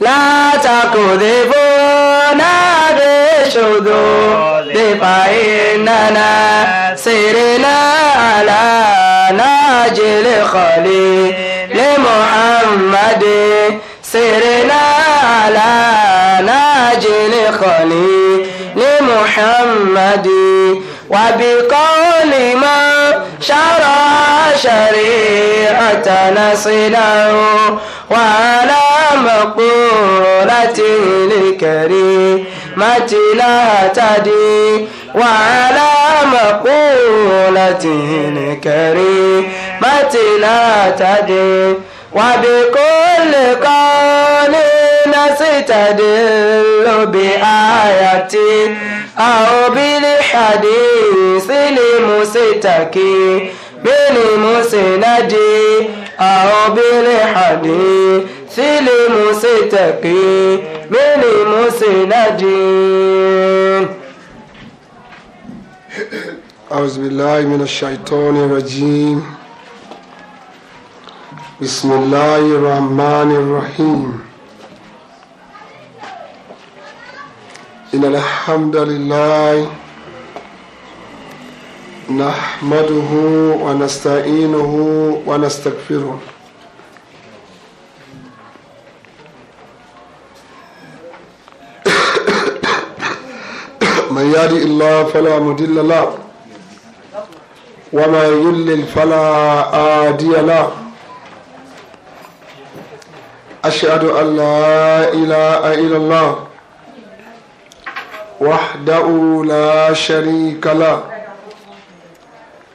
لا تقذفونا بالشذوذ فإننا سيرنا على ناجل خليل لمحمد سيرنا على ناجل خليل لمحمد وبقول ما شرع شريعتنا صله وعلى مقولة لكريمة لا تدي وعلى مقولة لكريمة لا تدي وبكل قول نستدل بآية أو بالحديث مسلم ستكي بالمسندي أو بالحديث المستقي بالمسندي أعوذ بالله من الشيطان الرجيم بسم الله الرحمن الرحيم إن الحمد لله نحمده ونستعينه ونستغفره من يهدي الله فلا مضل له ومن يضلل فلا هادي له أشهد أن لا إله إلا الله وحده لا شريك له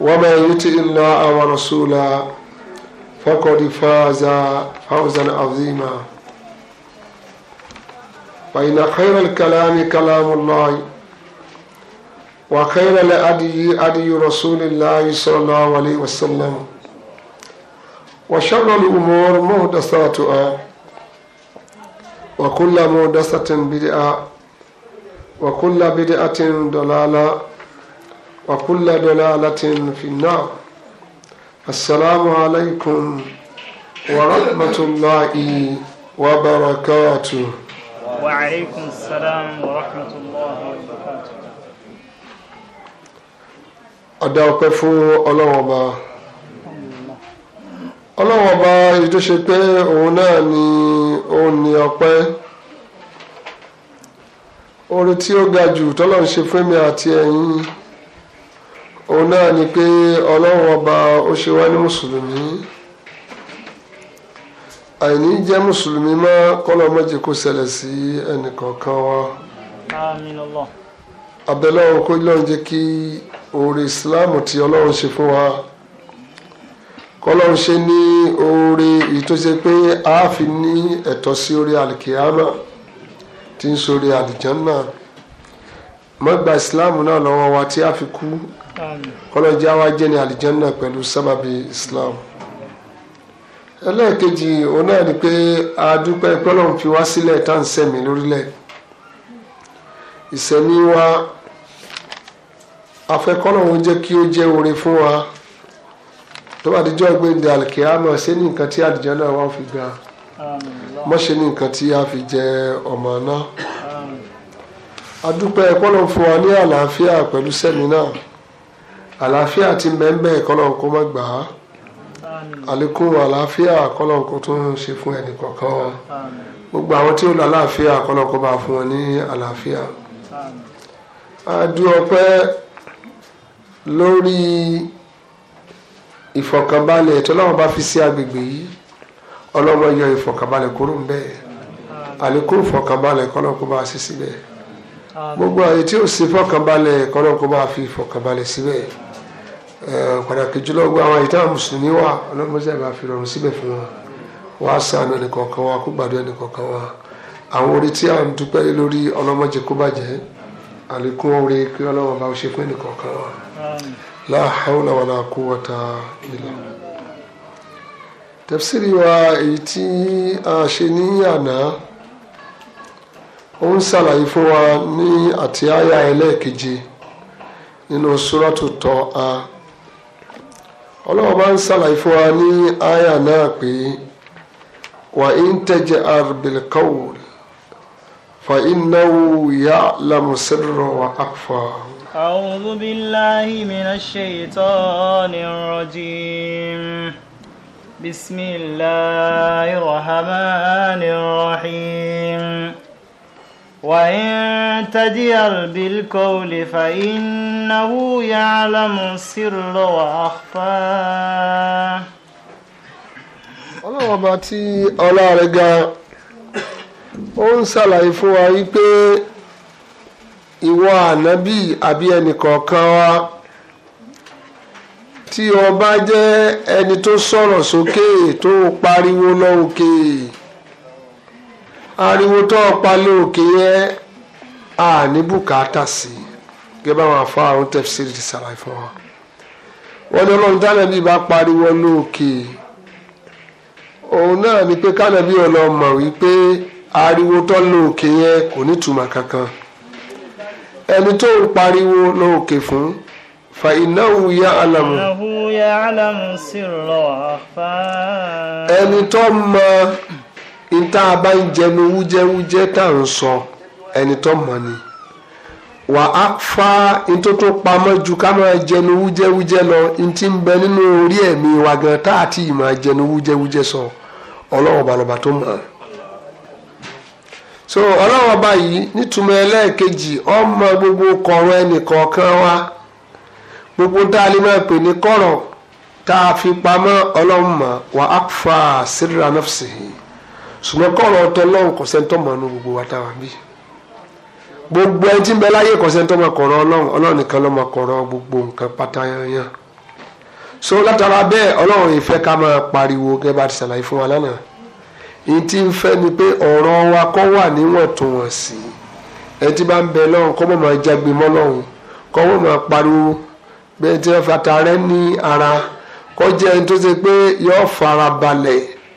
ومن يطع الله ورسوله فقد فاز فوزا عظيما فإن خير الكلام كلام الله وخير الأدي أدي رسول الله صلى الله عليه وسلم وشر الأمور محدثاتها وكل محدثة بدعة وكل بدعة ضلالة وكل دلالة في النار السلام عليكم ورحمة الله وبركاته وعليكم السلام ورحمة الله وبركاته adáwọ̀pẹ́ fún ọlọ́wọ́n ọba ọlọ́wọ́n ọba èyí tó ṣe pé òun náà ni òun ni ọpẹ́ oore tí ó ga jù tọ́lọ́ ń ṣe fún mi àti ẹ̀yin òun náà ni pé ọlọ́run ọba ó ṣe wá ní mùsùlùmí àìní jẹ́ mùsùlùmí mọ́ kọ́lọ́ mọ́jẹ kó ṣẹlẹ̀ sí ẹnìkọ̀ọ̀kan wa. kó jẹ́ kí oore ìsìláàmù tí ọlọ́run ṣe fún wa kọ́lọ́run ṣe ní oore èyí tó ṣe pé ní ẹ̀tọ́ sí orí tí ń sọ kọlọ́jà wa jẹ́ ní alijanna pẹ̀lú sábàbí islam ẹlẹ́ẹ̀kejì òun náà ni pé àdúpẹ́ pọ́lọ́n fi wá sílẹ̀ tá à ń sẹ̀mí lórílẹ̀ ìsẹ̀mí wa afẹ́kọ́lọ́hún jẹ́ kí ó jẹ́ oore fún wa tó bá dijọ́ gbé ndé alikiyama ṣé ní nǹkan tí àlìjánnà wa fi ga mọ́ ṣe ní nǹkan tí a fi jẹ ọmọ náà àdúpẹ́ pọ́lọ́n fún wa ní àlàáfíà pẹ̀lú sẹ́mi náà àlàáfíà ti mẹ́ńbẹ́ kọ́lọ́nkó má gbà á àlékún àlàáfíà kọ́lọ́nkó tó ń ṣe fún ẹnì kọ̀ọ̀kan wọn gbogbo àwọn tí ó lọ àlàáfíà kọ́lọ́nkó bá fún wọn ní àlàáfíà. adúọpẹ́ lórí ìfọ̀kànbalẹ̀ tó láwọn bá fi sí agbègbè yìí ọlọ́wọ́ yọ ìfọ̀kànbalẹ̀ kúrò ń bẹ́ẹ̀ àlékún ìfọ̀kànbalẹ̀ kọ́lọ́nkó bá ṣe síbẹ̀ gbogbo àyè tí ó sì fọ̀kànbalẹ̀ kọ́lọ́nkó bá fi ìfọ̀kànbalẹ̀ síbẹ̀. Eh, pàtàkì jùlọ gbogbo àwọn ìtàn mùsùlùmí wà ọlọ́mọṣẹ́ bá fi rọrùn síbẹ̀ fún wa wá sànù ẹnìkọ̀ọ̀kan wa kó gbàdúrà ẹnìkọ̀ọ̀kan wa àwọn orí tí à ń dúpẹ́ lé lórí ọlọ́mọjẹ kó bàjẹ́ àlékún orí kí ọlọ́wọ́n bá ṣe fún ẹnìkọ̀ọ̀kan wa la hawla wala quwwata illa tafsiri wa èyí tí a ṣe ní àná ó ń ṣàlàyé fún wa ní àti àyà ẹlẹ́ẹ̀keje nínú suratu Taha ọlọ́run bá ń ṣàlàyé fún wa ní àyà náà pé wà ń tẹ̀jẹ̀ àbẹ̀lẹ̀kọ́wòl fa innahu ya'lamu sirra wa akhfa. أعوذ بالله من الشيطان الرجيم بسم الله الرحمن الرحيم وإن تجهر بالقول فَإِنَّهُ يَعْلَمُ السر وَأَخْفَى ọlọ́run ọba tí ọlá rẹ̀ ga ó ń ṣàlàyé fún wa wípé ìwọ ànábì àbí ẹnìkọ̀ọ̀kan wa tí o jẹ́ ẹni tó sọ̀rọ̀ sókè tó pariwo lọ òkè ariwo tó pa lóòkè yẹn a ní bùkátà sí i gẹ́gẹ́ báwọn afọ àrùn tẹ̀síìrì ti ṣàlàyé fún wa wọ́n ní ọlọ́run tánàbí bá pariwo lóòkè òun náà ni pé kánàbí ọlọ́mọ wípé ariwo tó lóòkè yẹn kò ní túmọ̀ kankan ẹni tó ń pariwo lóòkè fún fa ináwó ya alamu. ẹni tó mọ. níta aba ń jẹnu wújẹ́wújẹ́ tá à ń sọ ẹni tó ni wà á fa ntó tó pamọ́ ju ká máa jẹnu wújẹ́wújẹ́ lọ ntí ń bẹ nínú orí ẹ̀mí wa gan tá àti jẹnu sọ ọlọ́wọ́ balọ̀bà so ọlọ́wọ́ ọba nítumọ̀ ẹlẹ́ẹ̀kejì gbogbo kọ̀ọ̀rọ̀ wa gbogbo tá a pè ní kọ̀rọ̀ fi pamọ́ wà á fa ṣùgbọ́n kọ́ọ̀rọ̀ ọtọ lọ́hùn kọ̀sẹ́ńtọ́ mọ̀ nù gbogbo wa tá a wà bí gbogbo ẹni tí ń bẹ láyé kọ̀sẹ́ńtọ́ mọ̀ kọ̀rọ̀ ọlọ́run ọlọ́run nìkan ló mọ̀ kọ̀rọ̀ gbogbo nǹkan pátá yanyan so látara bẹ́ẹ̀ ọlọ́run ìfẹ́ ká máa pariwo gẹ́gẹ́ bá ti ṣàlàyé fún wa lánàá ìyí tí ń fẹ́ ni pé ọ̀rọ̀ wa kọ́ wà níwọ̀ntúnwọ̀nsì ẹ ti bá ń bẹ lọ́run kọ́ mọ̀ máa jágbe mọ́ lọ́run kọ́ mọ̀ máa pariwo bẹ́ẹ̀ tí wọ́n fata rẹ́ ní ara kọ́ jẹ́ ẹni tó ṣe pé yọ́ọ́ fara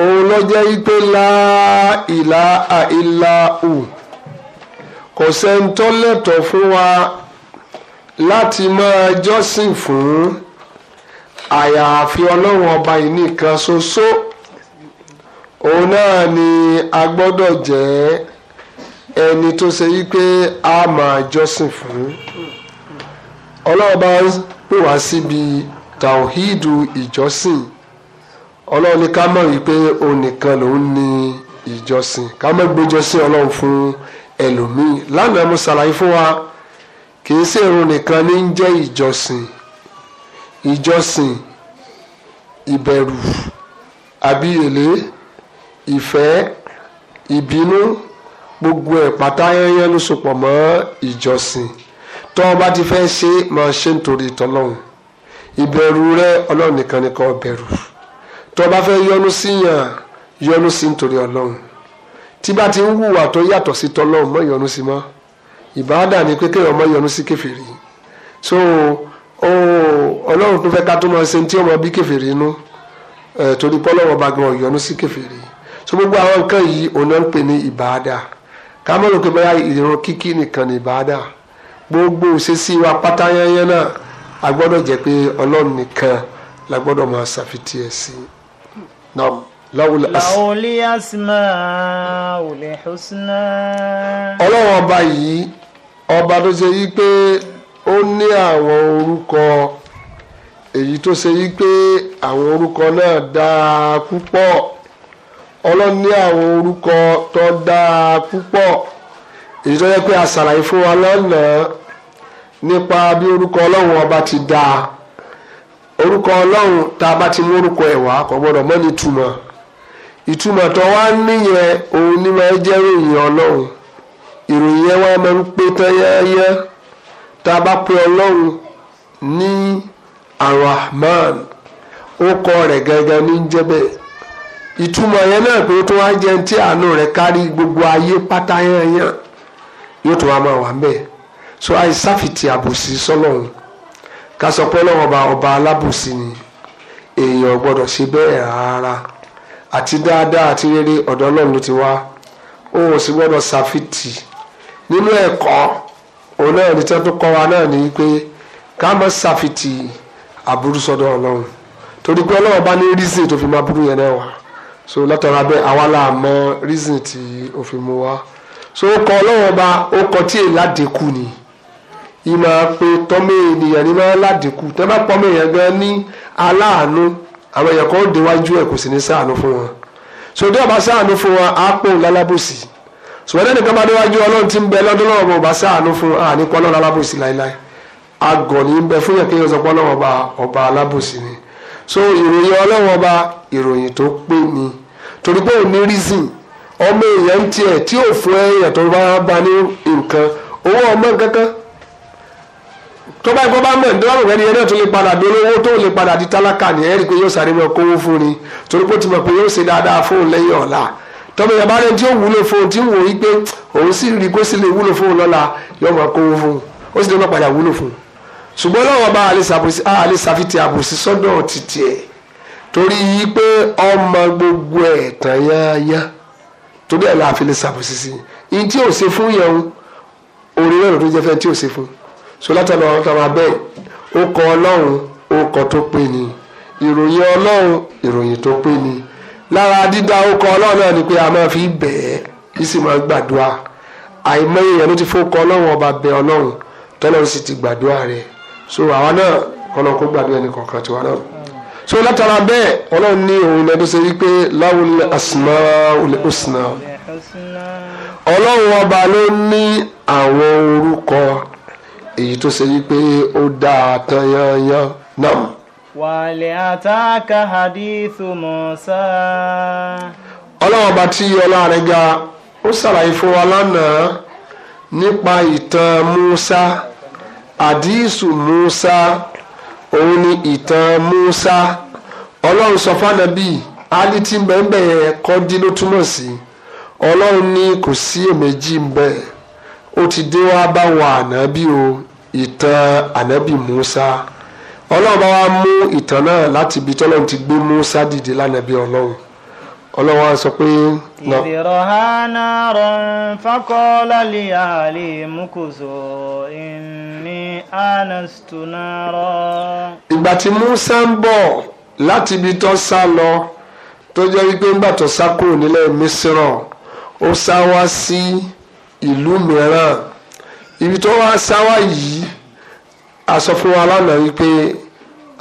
òun ló jẹ́ la ila àìláhù kò sẹ́ńtọ́ lẹ́tọ̀ fún wa láti máa jọ́sìn fún àyàfi ọlọ́run ọba yìí kan ṣoṣo òun náà ni a gbọ́dọ̀ jẹ́ ẹni tó ṣe wípé a máa jọ́sìn fún ọlọ́run ọba pè wá síbi tàwíìdù ọlọ́run ní ká mọ̀ wípé òun nìkan lòun ní ìjọsìn ká mọ̀ gbẹ́jọ́sìn ọlọ́run fún ẹlòmíì lánàá mo ṣàlàyé fún wa kì í ṣèrun nìkan ní ń jẹ́ ìjọsìn ìjọsìn ìbẹ̀rù àbí èlé ìfẹ́ ìbínú gbogbo ẹ̀ pátá yányán ló sopọ̀ mọ́ ìjọsìn tó o bá ti fẹ́ ṣe máa ṣe nítorí ìtọ́lọ́hún ìbẹ̀rù rẹ ọlọ́run nìkan ni kó bẹ̀rù tó bá fẹ́ yọ́nú sí yàn yọ́nú sí nítorí ọlọ́run tí bá ti ń hùwà tó yàtọ̀ sí tọlọ́run mọ́ yọ́nú sí mọ́ ìbáradà ni pé kéèyàn mọ́ yọ́nú sí kèfèrí so ọlọ́run tó fẹ́ ká tó máa ṣe tí ọmọ bí kèfèrí inú torí pọ́lọ́wọ́ bá gan yọ́nú sí kèfèrí so gbogbo àwọn nǹkan yìí òun náà ń pè ní ìbáradà ká mọ̀ ló pé báyà ìran kíkí nìkan ní ìbáradà gbogbo òṣèṣì wa pátá náà a jẹ́ pé ọlọ́run nìkan la máa ṣàfitì ẹ̀ sí i nam lawul as. lawuli asma wuli husna. ọlọ́wọ́ ọba yìí ọba tó ṣe yí pé ó ní àwọn orúkọ èyí tó ṣe yí pé àwọn orúkọ náà dáa púpọ̀ ọlọ́run ní àwọn orúkọ tó dáa púpọ̀ èyí tó yẹ pé a ṣàlàyé fún wa lọ́nà nípa bí orúkọ ọlọ́run ọba ti dáa orúkọ ọlọ́run tá a bá ti mórúkọ ẹ̀ wá kò gbọ́dọ̀ mọ́ ní ìtumọ̀ ìtumọ̀ tó wá níyẹn òun ni máa jẹ́ ròyìn ọlọ́run ìròyìn yẹn wá máa ń pé tán yẹ́yẹ́ tá a bá pe ọlọ́run ní arahman ó kọ rẹ̀ gangan ní jẹ́bẹ̀ ìtumọ̀ yẹn náà pé ó tún wá jẹ́ tí àánú rẹ̀ kárí gbogbo ayé pátá yóò tún wá máa wà ń bẹ̀ so àìsàfìtì àbòsí sọlọ́run. So ká sọ pé ọlọ́run ọba alábùsí ni èèyàn gbọ́dọ̀ ṣe bẹ́ẹ̀ rárá àti dáadáa àti rere ọ̀dọ̀ ọlọ́run ló ti wá òun ò sì gbọ́dọ̀ ṣàfitì nínú ẹ̀kọ́ òun náà ní tí wọ́n tó kọ́ wa náà ní pé ká má ṣàfitì aburú sọ́dọ̀ ọlọ́run torí pé ọlọ́run ní reason tó fi máa burú yẹn náà wá so látara bẹ́ẹ̀ àwa là mọ̀ reason tí ó fi wá so ó kọ ọlọ́run ọba ó kọ tí èèlà ni. ìmọ̀ pé tọ́mọ ènìyàn ní máa ládìkú tẹ́ bá pọ́mọ èèyàn gan ní aláàánú àwọn èèyàn kan ó déwájú ẹ̀ kò sì ní fún wọn sòdí ọba ṣàánú fún wọn á pò lálábòsí sòwọ́n ẹni kan bá déwájú ọlọ́run ti ń bẹ lọ́dún lọ́wọ́ ọba ṣàánú fún àní pọ́ lọ́run láéláé agọ̀ ní bẹ fún yẹn ọba ọba ni so ìròyìn ọlọ́wọ́ ọba ìròyìn tó pé ni torí pé òní ọmọ èèyàn tiẹ̀ tí bá bá ní nǹkan owó ọmọ tó bá gbọ́ bá mọ̀ ní dọ́là rẹ̀ ni ẹni tó lè padà di olówó tó lè padà di tálákà ni ẹ̀rí pé yóò sáré mọ́ kówó fún ni torí pé ó ti mọ̀ pé yóò ṣe dáadáa fóun lẹ́yìn ọ̀la tọ́mọ yàrá rẹ̀ tí ó wúlò fóun tí ń wò yí pé òun sì rí kó sì lè wúlò fóun lọ́la yóò mọ̀ kówó fún ó sì lè mọ̀ padà wúlò fún ṣùgbọ́n lọ́wọ́ bá alẹ́ sàfitì àbòsí sọ́dọ̀ títì ẹ̀ torí so látàlọ́ ọ̀rọ̀ tàbá bẹ́ẹ̀ ó kọ ọlọ́run ó kọ tó pé ni ìròyìn ọlọ́run ìròyìn tó pé ni lára dídá ó kọ ọlọ́run náà ni pé a máa fi bẹ̀ẹ́ kí sì máa gbàdúrà àìmọye èèyàn ló ti fó kọ ọlọ́run ọba bẹ ọlọ́run tọ́lọ́run sì ti gbàdúrà rẹ̀ so àwa náà kọ́lọ́ kó gbàdúrà ẹni kọ̀ọ̀kan tiwa náà so látara bẹ́ẹ̀ ọlọ́run ní òun lẹ́nu ṣe wípé láwùl asma ul husna ọlọ́run ọba ló ní àwọn orúkọ èyí tó ṣe wípé ó dáa tán yányán náà. wàlẹ̀ àtàkà hadithu Musa. ọlọ́wọ́n bá tí ọlọ́run ga ó ṣàlàyé fún wa lánàá nípa ìtàn Musa àdìsù Musa òun ni ìtàn Musa ọlọ́run sọ fánàbí ali tí ń bẹ̀ kọ́ dín ló túmọ̀ sí ọlọ́run ní kò sí èméjì bẹ́ẹ̀. ó ti dé wá báwọn ànábì o ìtàn ànábì Musa ọlọ́run bá wá mú ìtàn náà láti ibi tọ́lọ́run ti gbé Musa dìde lánàbí ọlọ́run ọlọ́run á sọ pé. ìdìrọ̀ hánà rọ̀n fákọ́lá lè àlè mukoso ìní anastu náà rọ. ìgbà tí Musa ń bọ̀ láti ibi tó sá lọ tó jẹ́ wípé ńgbà tó sá kúrò nílẹ̀ mísírọ̀ ó sá wá sí. Si, ìlú mìíràn ibi tó wá sáwá yìí a sọ fún wa lánàá wípé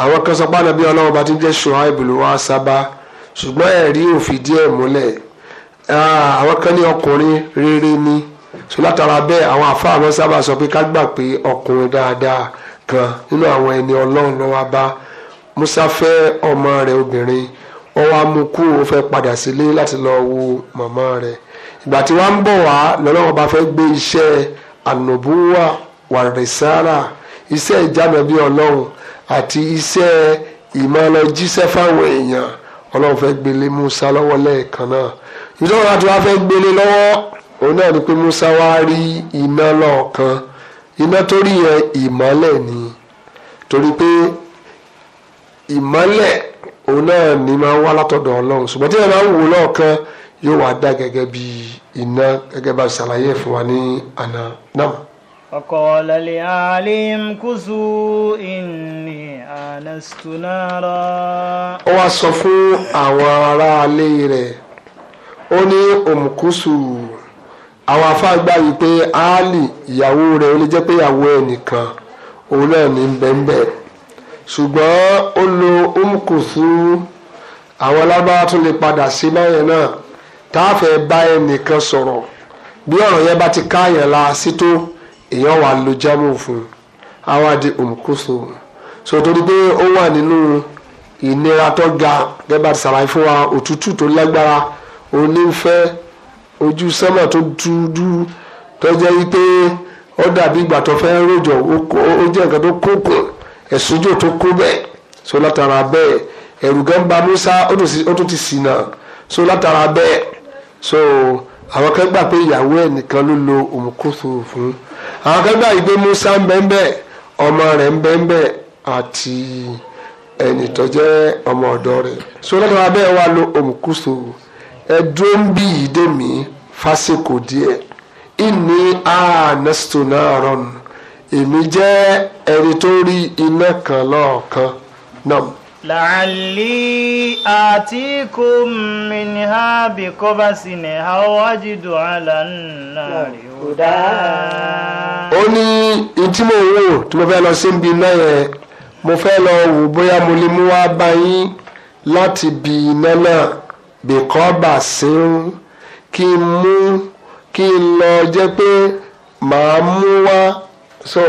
àwọn kan sọ pé ànábì ọlọ́run bá ti jẹ́ Ṣuaibu ló wá sábà ṣùgbọ́n ẹ̀rí ò fìdí ẹ̀ múlẹ̀ àwọn kan ní ọkùnrin rere ni so látara bẹ́ẹ̀ àwọn àfáà wọn sábà sọ pé ká gbà pé ọkùnrin dáadáa kan nínú àwọn ẹni ọlọ́run lọ́wọ́ bá Musa fẹ́ ọmọ rẹ̀ obìnrin ó wá ó fẹ́ padà sílé láti lọ wo màmá rẹ̀ ìgbà tí wọ́n ń bọ̀ wá lọ́lọ́wọ́ bá fẹ́ gbé iṣẹ́ ànàbúwà wàrẹ̀sára iṣẹ́ ìjànàbí ọlọ́run àti iṣẹ́ ìmọ̀lọ́jíṣẹ́ fáwọn èèyàn ọlọ́run fẹ́ gbélé Musa lọ́wọ́ lẹ́ẹ̀kan náà ìjọba tí wọ́n fẹ́ gbélé lọ́wọ́ òun náà ni pé Musa wá rí iná lọ́ọ̀kan iná tó yẹn ìmọ́lẹ̀ ni torí pé ìmọ́lẹ̀ òun náà ni máa wá látọ̀dọ̀ ọlọ́run ṣùgbọ́n tí wọ́n máa ń wò lọ́ọ̀kan yóò wá dá gẹ́gẹ́ bí iná gẹ́gẹ́ bá ṣàlàyé fún wa ní àná náà. وقال لآلهم كثوا إني آنست نارا ó sọ fún àwọn aráalé rẹ ó ní òmùkúsù umm àwọn afáàgbà yìí pé áálì ìyàwó rẹ̀ ó lè jẹ́ pé ìyàwó ẹnìkan òun náà ní ó lo òmùkúsù umm àwọn tún lè padà sí báyẹn náà káfẹ́ bá nìkan sọ̀rọ̀ bí ọ̀rọ̀ yẹn bá ti káàyàn la sí tó èèyàn wà jámù fún di so torí pé ó wà nínú ìnira tó ga gẹ́gẹ́ bá ti fún wa òtútù tó lágbára onífẹ́ ojú sẹ́mà tó dúdú tó jẹ́ wípé ó dàbí ìgbà tó fẹ́ ó jẹ́ nǹkan tó ẹ̀sùnjò tó kó bẹ́ẹ̀ so so látara bẹ́ẹ̀ so àwọn kan gbà pé ìyàwó ẹ̀ nìkan ló lo òmùkóso fún àwọn kan gbà Musa ń ọmọ rẹ̀ ń àti ẹni tó jẹ́ ọmọ ọ̀dọ́ rẹ̀ so lọ́dọ̀ abẹ́ wa lo òmùkóso ẹ dúró ń bí yìí dé fásikò díẹ̀ ìní àánẹ́sítò náà rọrùn èmi jẹ́ ẹni tó rí iná kan lọ́ọ̀kan náà. لعلي آتيكم منها بقبس أو أجد على النار هدى ó ní ìtí mò ń wò tí mo fẹ́ lọ sí ibi iná yẹn mo fẹ́ lọ wò bóyá mo lè mú wá bá yín láti bi iná náà bìkọ́bà sí ń kí n mú kí n lọ jẹ́ pé màá mú wá so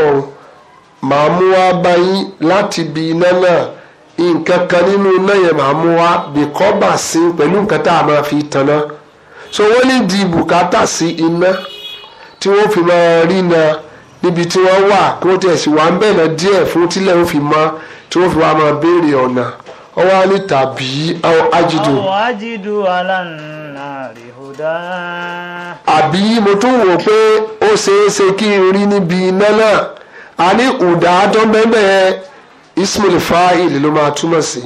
màá mú wá bá yín láti bi iná náà nǹkan kan nínú iná yẹn máa mú wa bìkọ́ bà sí pẹ̀lú nǹkan tá a máa fi tanná so wọ́n lè di bùkátà sí iná tí wọ́n fi máa rí na níbi tí wọ́n wà kí wọ́n tẹ̀sí wà ń bẹ̀rẹ̀ díẹ̀ fún tílẹ̀ ń fi mọ́ tí wọ́n fi wá máa béèrè ọ̀nà wọ́n ní tàbí ajídù. àbí mo tún wò pé ó ṣeé ṣe kí n rí níbi iná náà a ní ùdá tó bẹ́ẹ̀ ismul fa'il ló máa túmọ̀ sí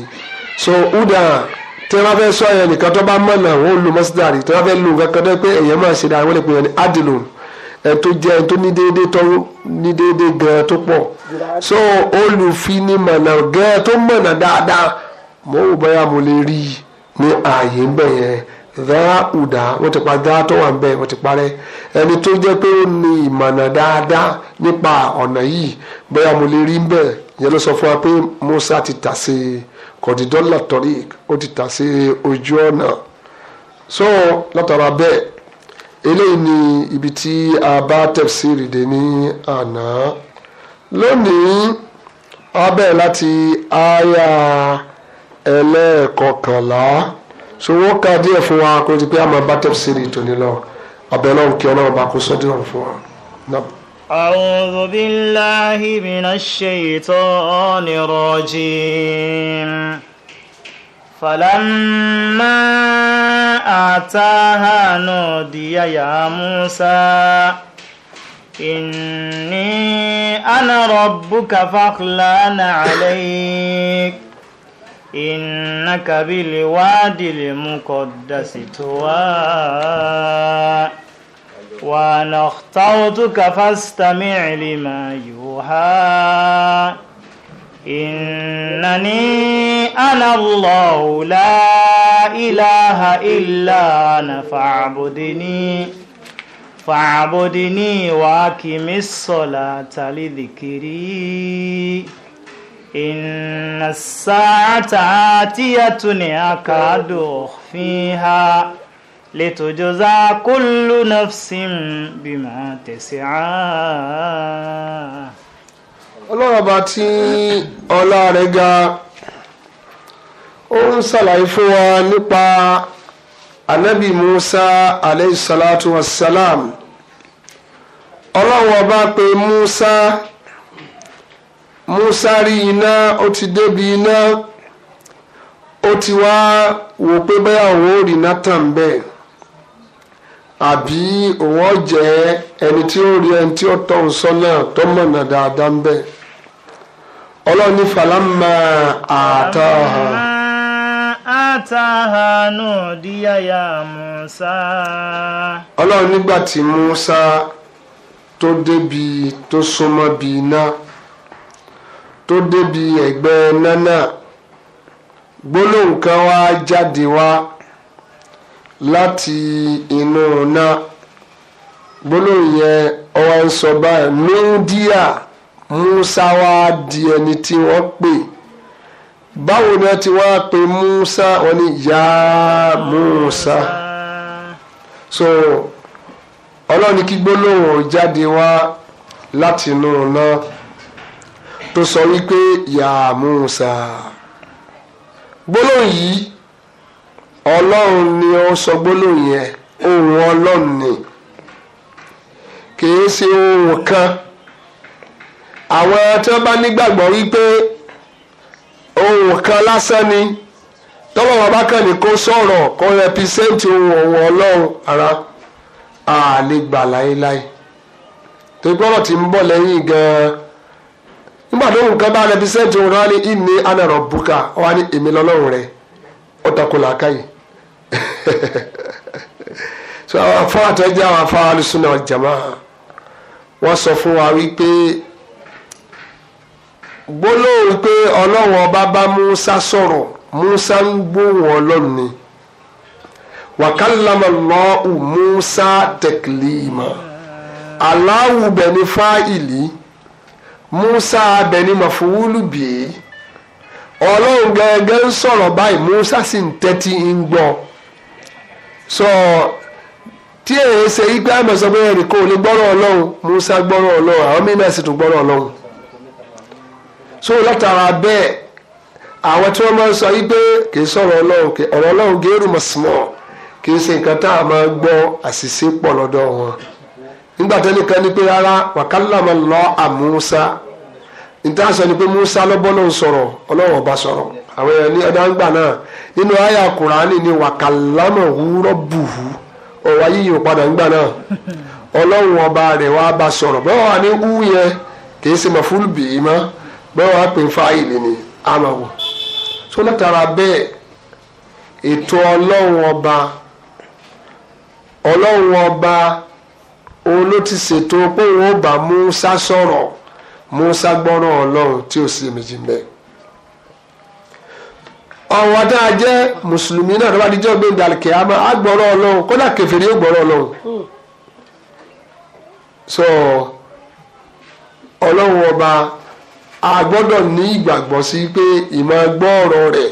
so uda tí wọn fẹ́ sọ yẹn nìkan tó bá mọ̀nà wọn ò lu mọ́sídàrí tí wọn fẹ́ lu nǹkan kan dẹ́ pé èèyàn máa ṣe dáa wọn lè pè yẹn ní adilun ẹ tó jẹ ẹ tó ní déédéé tọ́wọ́ ní déédéé gan tó pọ̀ so olùfinimọ̀nà gan tó mọ̀nà dáadáa mo wò bóyá mo lè rí i ní ààyè ń bẹ̀ yẹn dáa ùdá wọ́n ti pa dáa tó wà ń bẹ̀ wọ́n ti parẹ́ ẹni tó jẹ́ pé ó ní ìmọ̀nà dáadáa nípa ọ̀nà yìí bóyá mo lè rí ń yẹn ló sọ fún wa pé Musa ti tà sí kọ̀dídọ́là tọ́rí ó ti tà sí ojú ọ̀nà so látara bẹ́ẹ̀ eléyìí ni ibi tí a bá tafsiri dé ní àná lónìí a láti aya ẹlẹ́ẹ̀kọkànlá so wọ́n ka díẹ̀ fún wa kó o ti pé a máa bá tafsiri tòní lọ abẹ́ náà kí ọlọ́run bá kó sọ́dún ọ̀run fún wa náà. أعوذ بالله من الشيطان الرجيم فلما آتاها نودي يا موسى إني أنا ربك فاخلعن عليك إنك بالوادي المقدس توى وأنا اخترتك فاستمع لما يوحى إنني أنا الله لا إله إلا أنا فاعبدني فاعبدني وأقم الصلاة لذكري إن الساعة آتية أكاد أخفيها لتجزى كل نفس بما تسعى ọlọ́run ọba tí ọlá rẹ̀ ga ó ń ṣàlàyé fún wa nípa anabi musa aleyhisalatu wasalam ọlọ́run ọba pè musa musa rí iná ó ti débi iná ó ti wá wò pé bẹ́ẹ̀ òun tàn bẹ́ẹ̀. àbí òun ọ̀jẹ̀ ẹni tí ó rí ẹni tí ó tọ̀ nsọ sọ́nà tó mọ̀nà dáadáa ń bẹ̀. ọlọ́run ní falama àtàhà. àtàhà náà díyàyà Musa. ọlọ́run nígbà tí Musa tó débi tó súnmọ́ bí iná tó débi ẹ̀gbẹ́ iná náà gbólóhùn kan wá jáde wá. Wa, láti inú náà gbólóhùn yẹn ọwọ́ ń sọ báyìí lóńdíà Musa wá di ẹni tí wọ́n pè báwo ni wọ́n ti wá pe Musa wọ́n ní yá Musa so ọlọ́run kí gbólóhùn jáde wá láti inú náà tó sọ wípé yá Musa gbólóhùn yìí. ọlọ́run ni ó sọ gbólóhùn yẹn ohùn ọlọ́run ni kìí ṣe ohun kan àwọn tí wọ́n bá nígbàgbọ́ wípé ohun kan lásán ni wọn bá kàn ní kó sọ̀rọ̀ kó rẹpísẹ́ǹtì ohun ọlọ́run ara àlegbà láéláé tó gbọ́dọ̀ ti ń bọ̀ lẹ́yìn gan-an nígbà tó bá rẹpísẹ́ǹtì ohun ní ìní wà ní so àwọn afáàtọ̀ jẹ́ àwọn afáà alùsùnà jama wọ́n sọ fún wa wípé gbólóhùn pé ọlọ́run ọba bá Musa sọ̀rọ̀ Musa ń gbóhùn ọlọ́run ni wàkàlámà lọ́ọ̀hù Musa tẹ̀kìlìmà aláwù bẹ̀ni fáìlì Musa bẹ̀ni màfúwúlù bìí ọlọ́run gẹ́gẹ́ ń sọ̀rọ̀ báyìí Musa sì ń tẹ́tí sọ tí èyí ṣe igbá àmọ́ sọ pé ẹnì kan ò ní gbọ́rọ̀ ọlọ́run Musa gbọ́rọ̀ ọlọ́run àwọn mímọ́ sì tún gbọ́rọ̀ ọlọ́run so látara bẹ́ẹ̀ àwọn tí wọ́n máa ń sọ yí pé kì í sọ̀rọ̀ ọlọ́run ọ̀rọ̀ ọlọ́run géèrú mọ̀símọ̀ kì í ṣe nǹkan tá a máa gbọ́ àṣìṣe pọ̀ lọ́dọ̀ wọn nígbà tẹ́lẹ̀ kan ní pé rárá wàkálàmọ́ lọ́ àmúṣá níta sọ ni pé Musa lọ́bọ́lọ́hún sọ̀rọ̀ ọlọ́run ọba sọ̀rọ̀ àwọn èèyàn ní ọ̀dà náà nínú àyà Kùránì ni wàkàlámọ̀ wúrọ̀ bùhù ọ̀rọ̀ ayé yìí padà ń náà ọlọ́run ọba rẹ̀ wá bá sọ̀rọ̀ bẹ́ẹ̀ wà ní wú yẹn kì í ṣe mọ̀ fúlù bì fáìlì ni àmọ̀ tó látara ètò Musa sọrọ. Musa gbọ́ràn Ọlọ́run tí ò sí èméjì mẹ́. ọ̀wọ́ tá a jẹ́ mùsùlùmí náà ló bá di á gbọ́ràn Ọlọ́run kódà kèfèrí ó Ọlọ́run. Ọlọ́run ọba a gbọ́dọ̀ ní ìgbàgbọ́ sí pé ìmọ̀ gbọ́ rẹ̀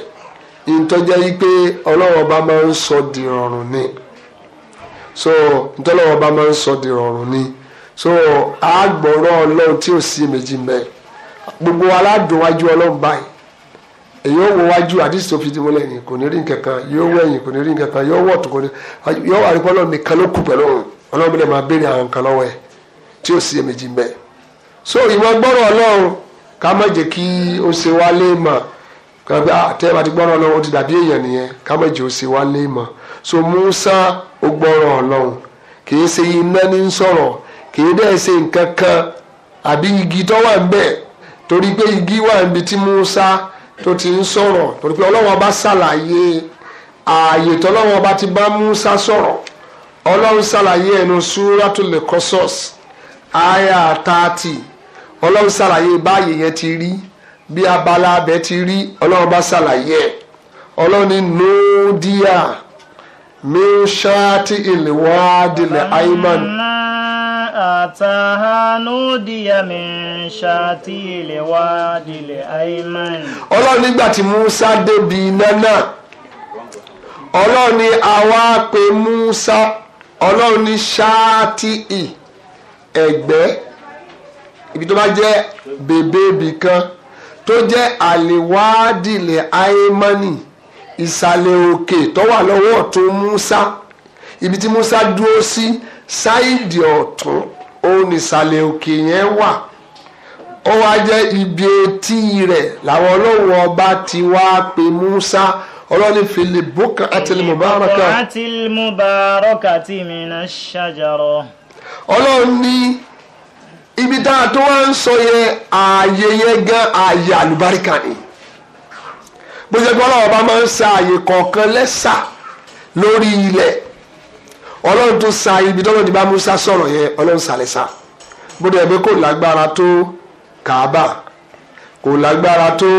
ìtọ́jẹ́ yí pé ọba máa ń sọ dìrọ̀rùn ni so ni. so àgbọ̀rọ̀ ọlọrun tí ò sí méjì mẹ gbogbo aládùn ọlọrun báyìí èyí ó wo wájú àdìsí tó fi dìbò lẹ́yìn kò ní rí nkankan yóò wọ ẹ̀yìn kò ní rí nkankan wọ̀ tó kò ní yóò wà nípa nìkan ló so ìmọ̀ gbọ́rọ̀ ọlọrun ká má kí ṣe wá ah, ti dàbí èèyàn nìyẹn so Musa ó kì í ṣe iná kìí dẹ́ ṣe nǹkan kan àbí igi tó wà ń bẹ̀ torí pé igi wà níbi tí Musa tó ti ń sọ̀rọ̀ torí pé Ọlọ́run bá ṣàlàyé ààyè tọ́lọ́run bá ti bá Musa sọ̀rọ̀ Ọlọ́run ṣàlàyé ẹnu Suratul Qasas aya tààtì Ọlọ́run ṣàlàyé báyìí yẹn ti rí bí abala abẹ ti rí Ọlọ́run bá ṣàlàyé ẹ̀ Ọlọ́run ní nùdíà mi ṣáàtì ìlú wàá dilẹ̀ aiman àtàhà núdìyà mi ṣàtì ilẹ̀ wá dilẹ̀ àìmán. ọlọ́run nígbà tí musa débi iná náà ọlọ́run pe musa ọlọ́run ni ṣáàtì ì ẹ̀gbẹ́ ibi tó bá jẹ́ bèbè ibì kan tó jẹ́ àlèwádìlẹ̀ àìmánì ìsàlẹ̀ òkè tó wà lọ́wọ́ tó musa ibi tí musa dúró sí sáìdì ọ̀tún òun ìsàlẹ̀ òkè yẹn wà ó wá jẹ́ ibi etí rẹ̀ làwọn ọlọ́run ọba ti wá pe Musa ọlọ́ni fìlì bùkà àti mùbáraka. àti mùbáraka ti mìíràn ṣàjàrọ. ọlọ́run ní ibi tá a tó wá ń sọ yẹn ààyè yẹn gan ààyè àlùbáríkà ni bó ṣe gbọ́ ọlọ́run ọba máa ń sa ààyè kọ̀ọ̀kan lẹ́sà lórí ilẹ̀ ọlọ́run tó sa ibi tọ́lọ́ ti bá musa sọ̀rọ̀ yẹn ọlọ́run sàlẹ̀ sa bó dẹ̀ pé kò lágbára tó kaaba kò lágbára tó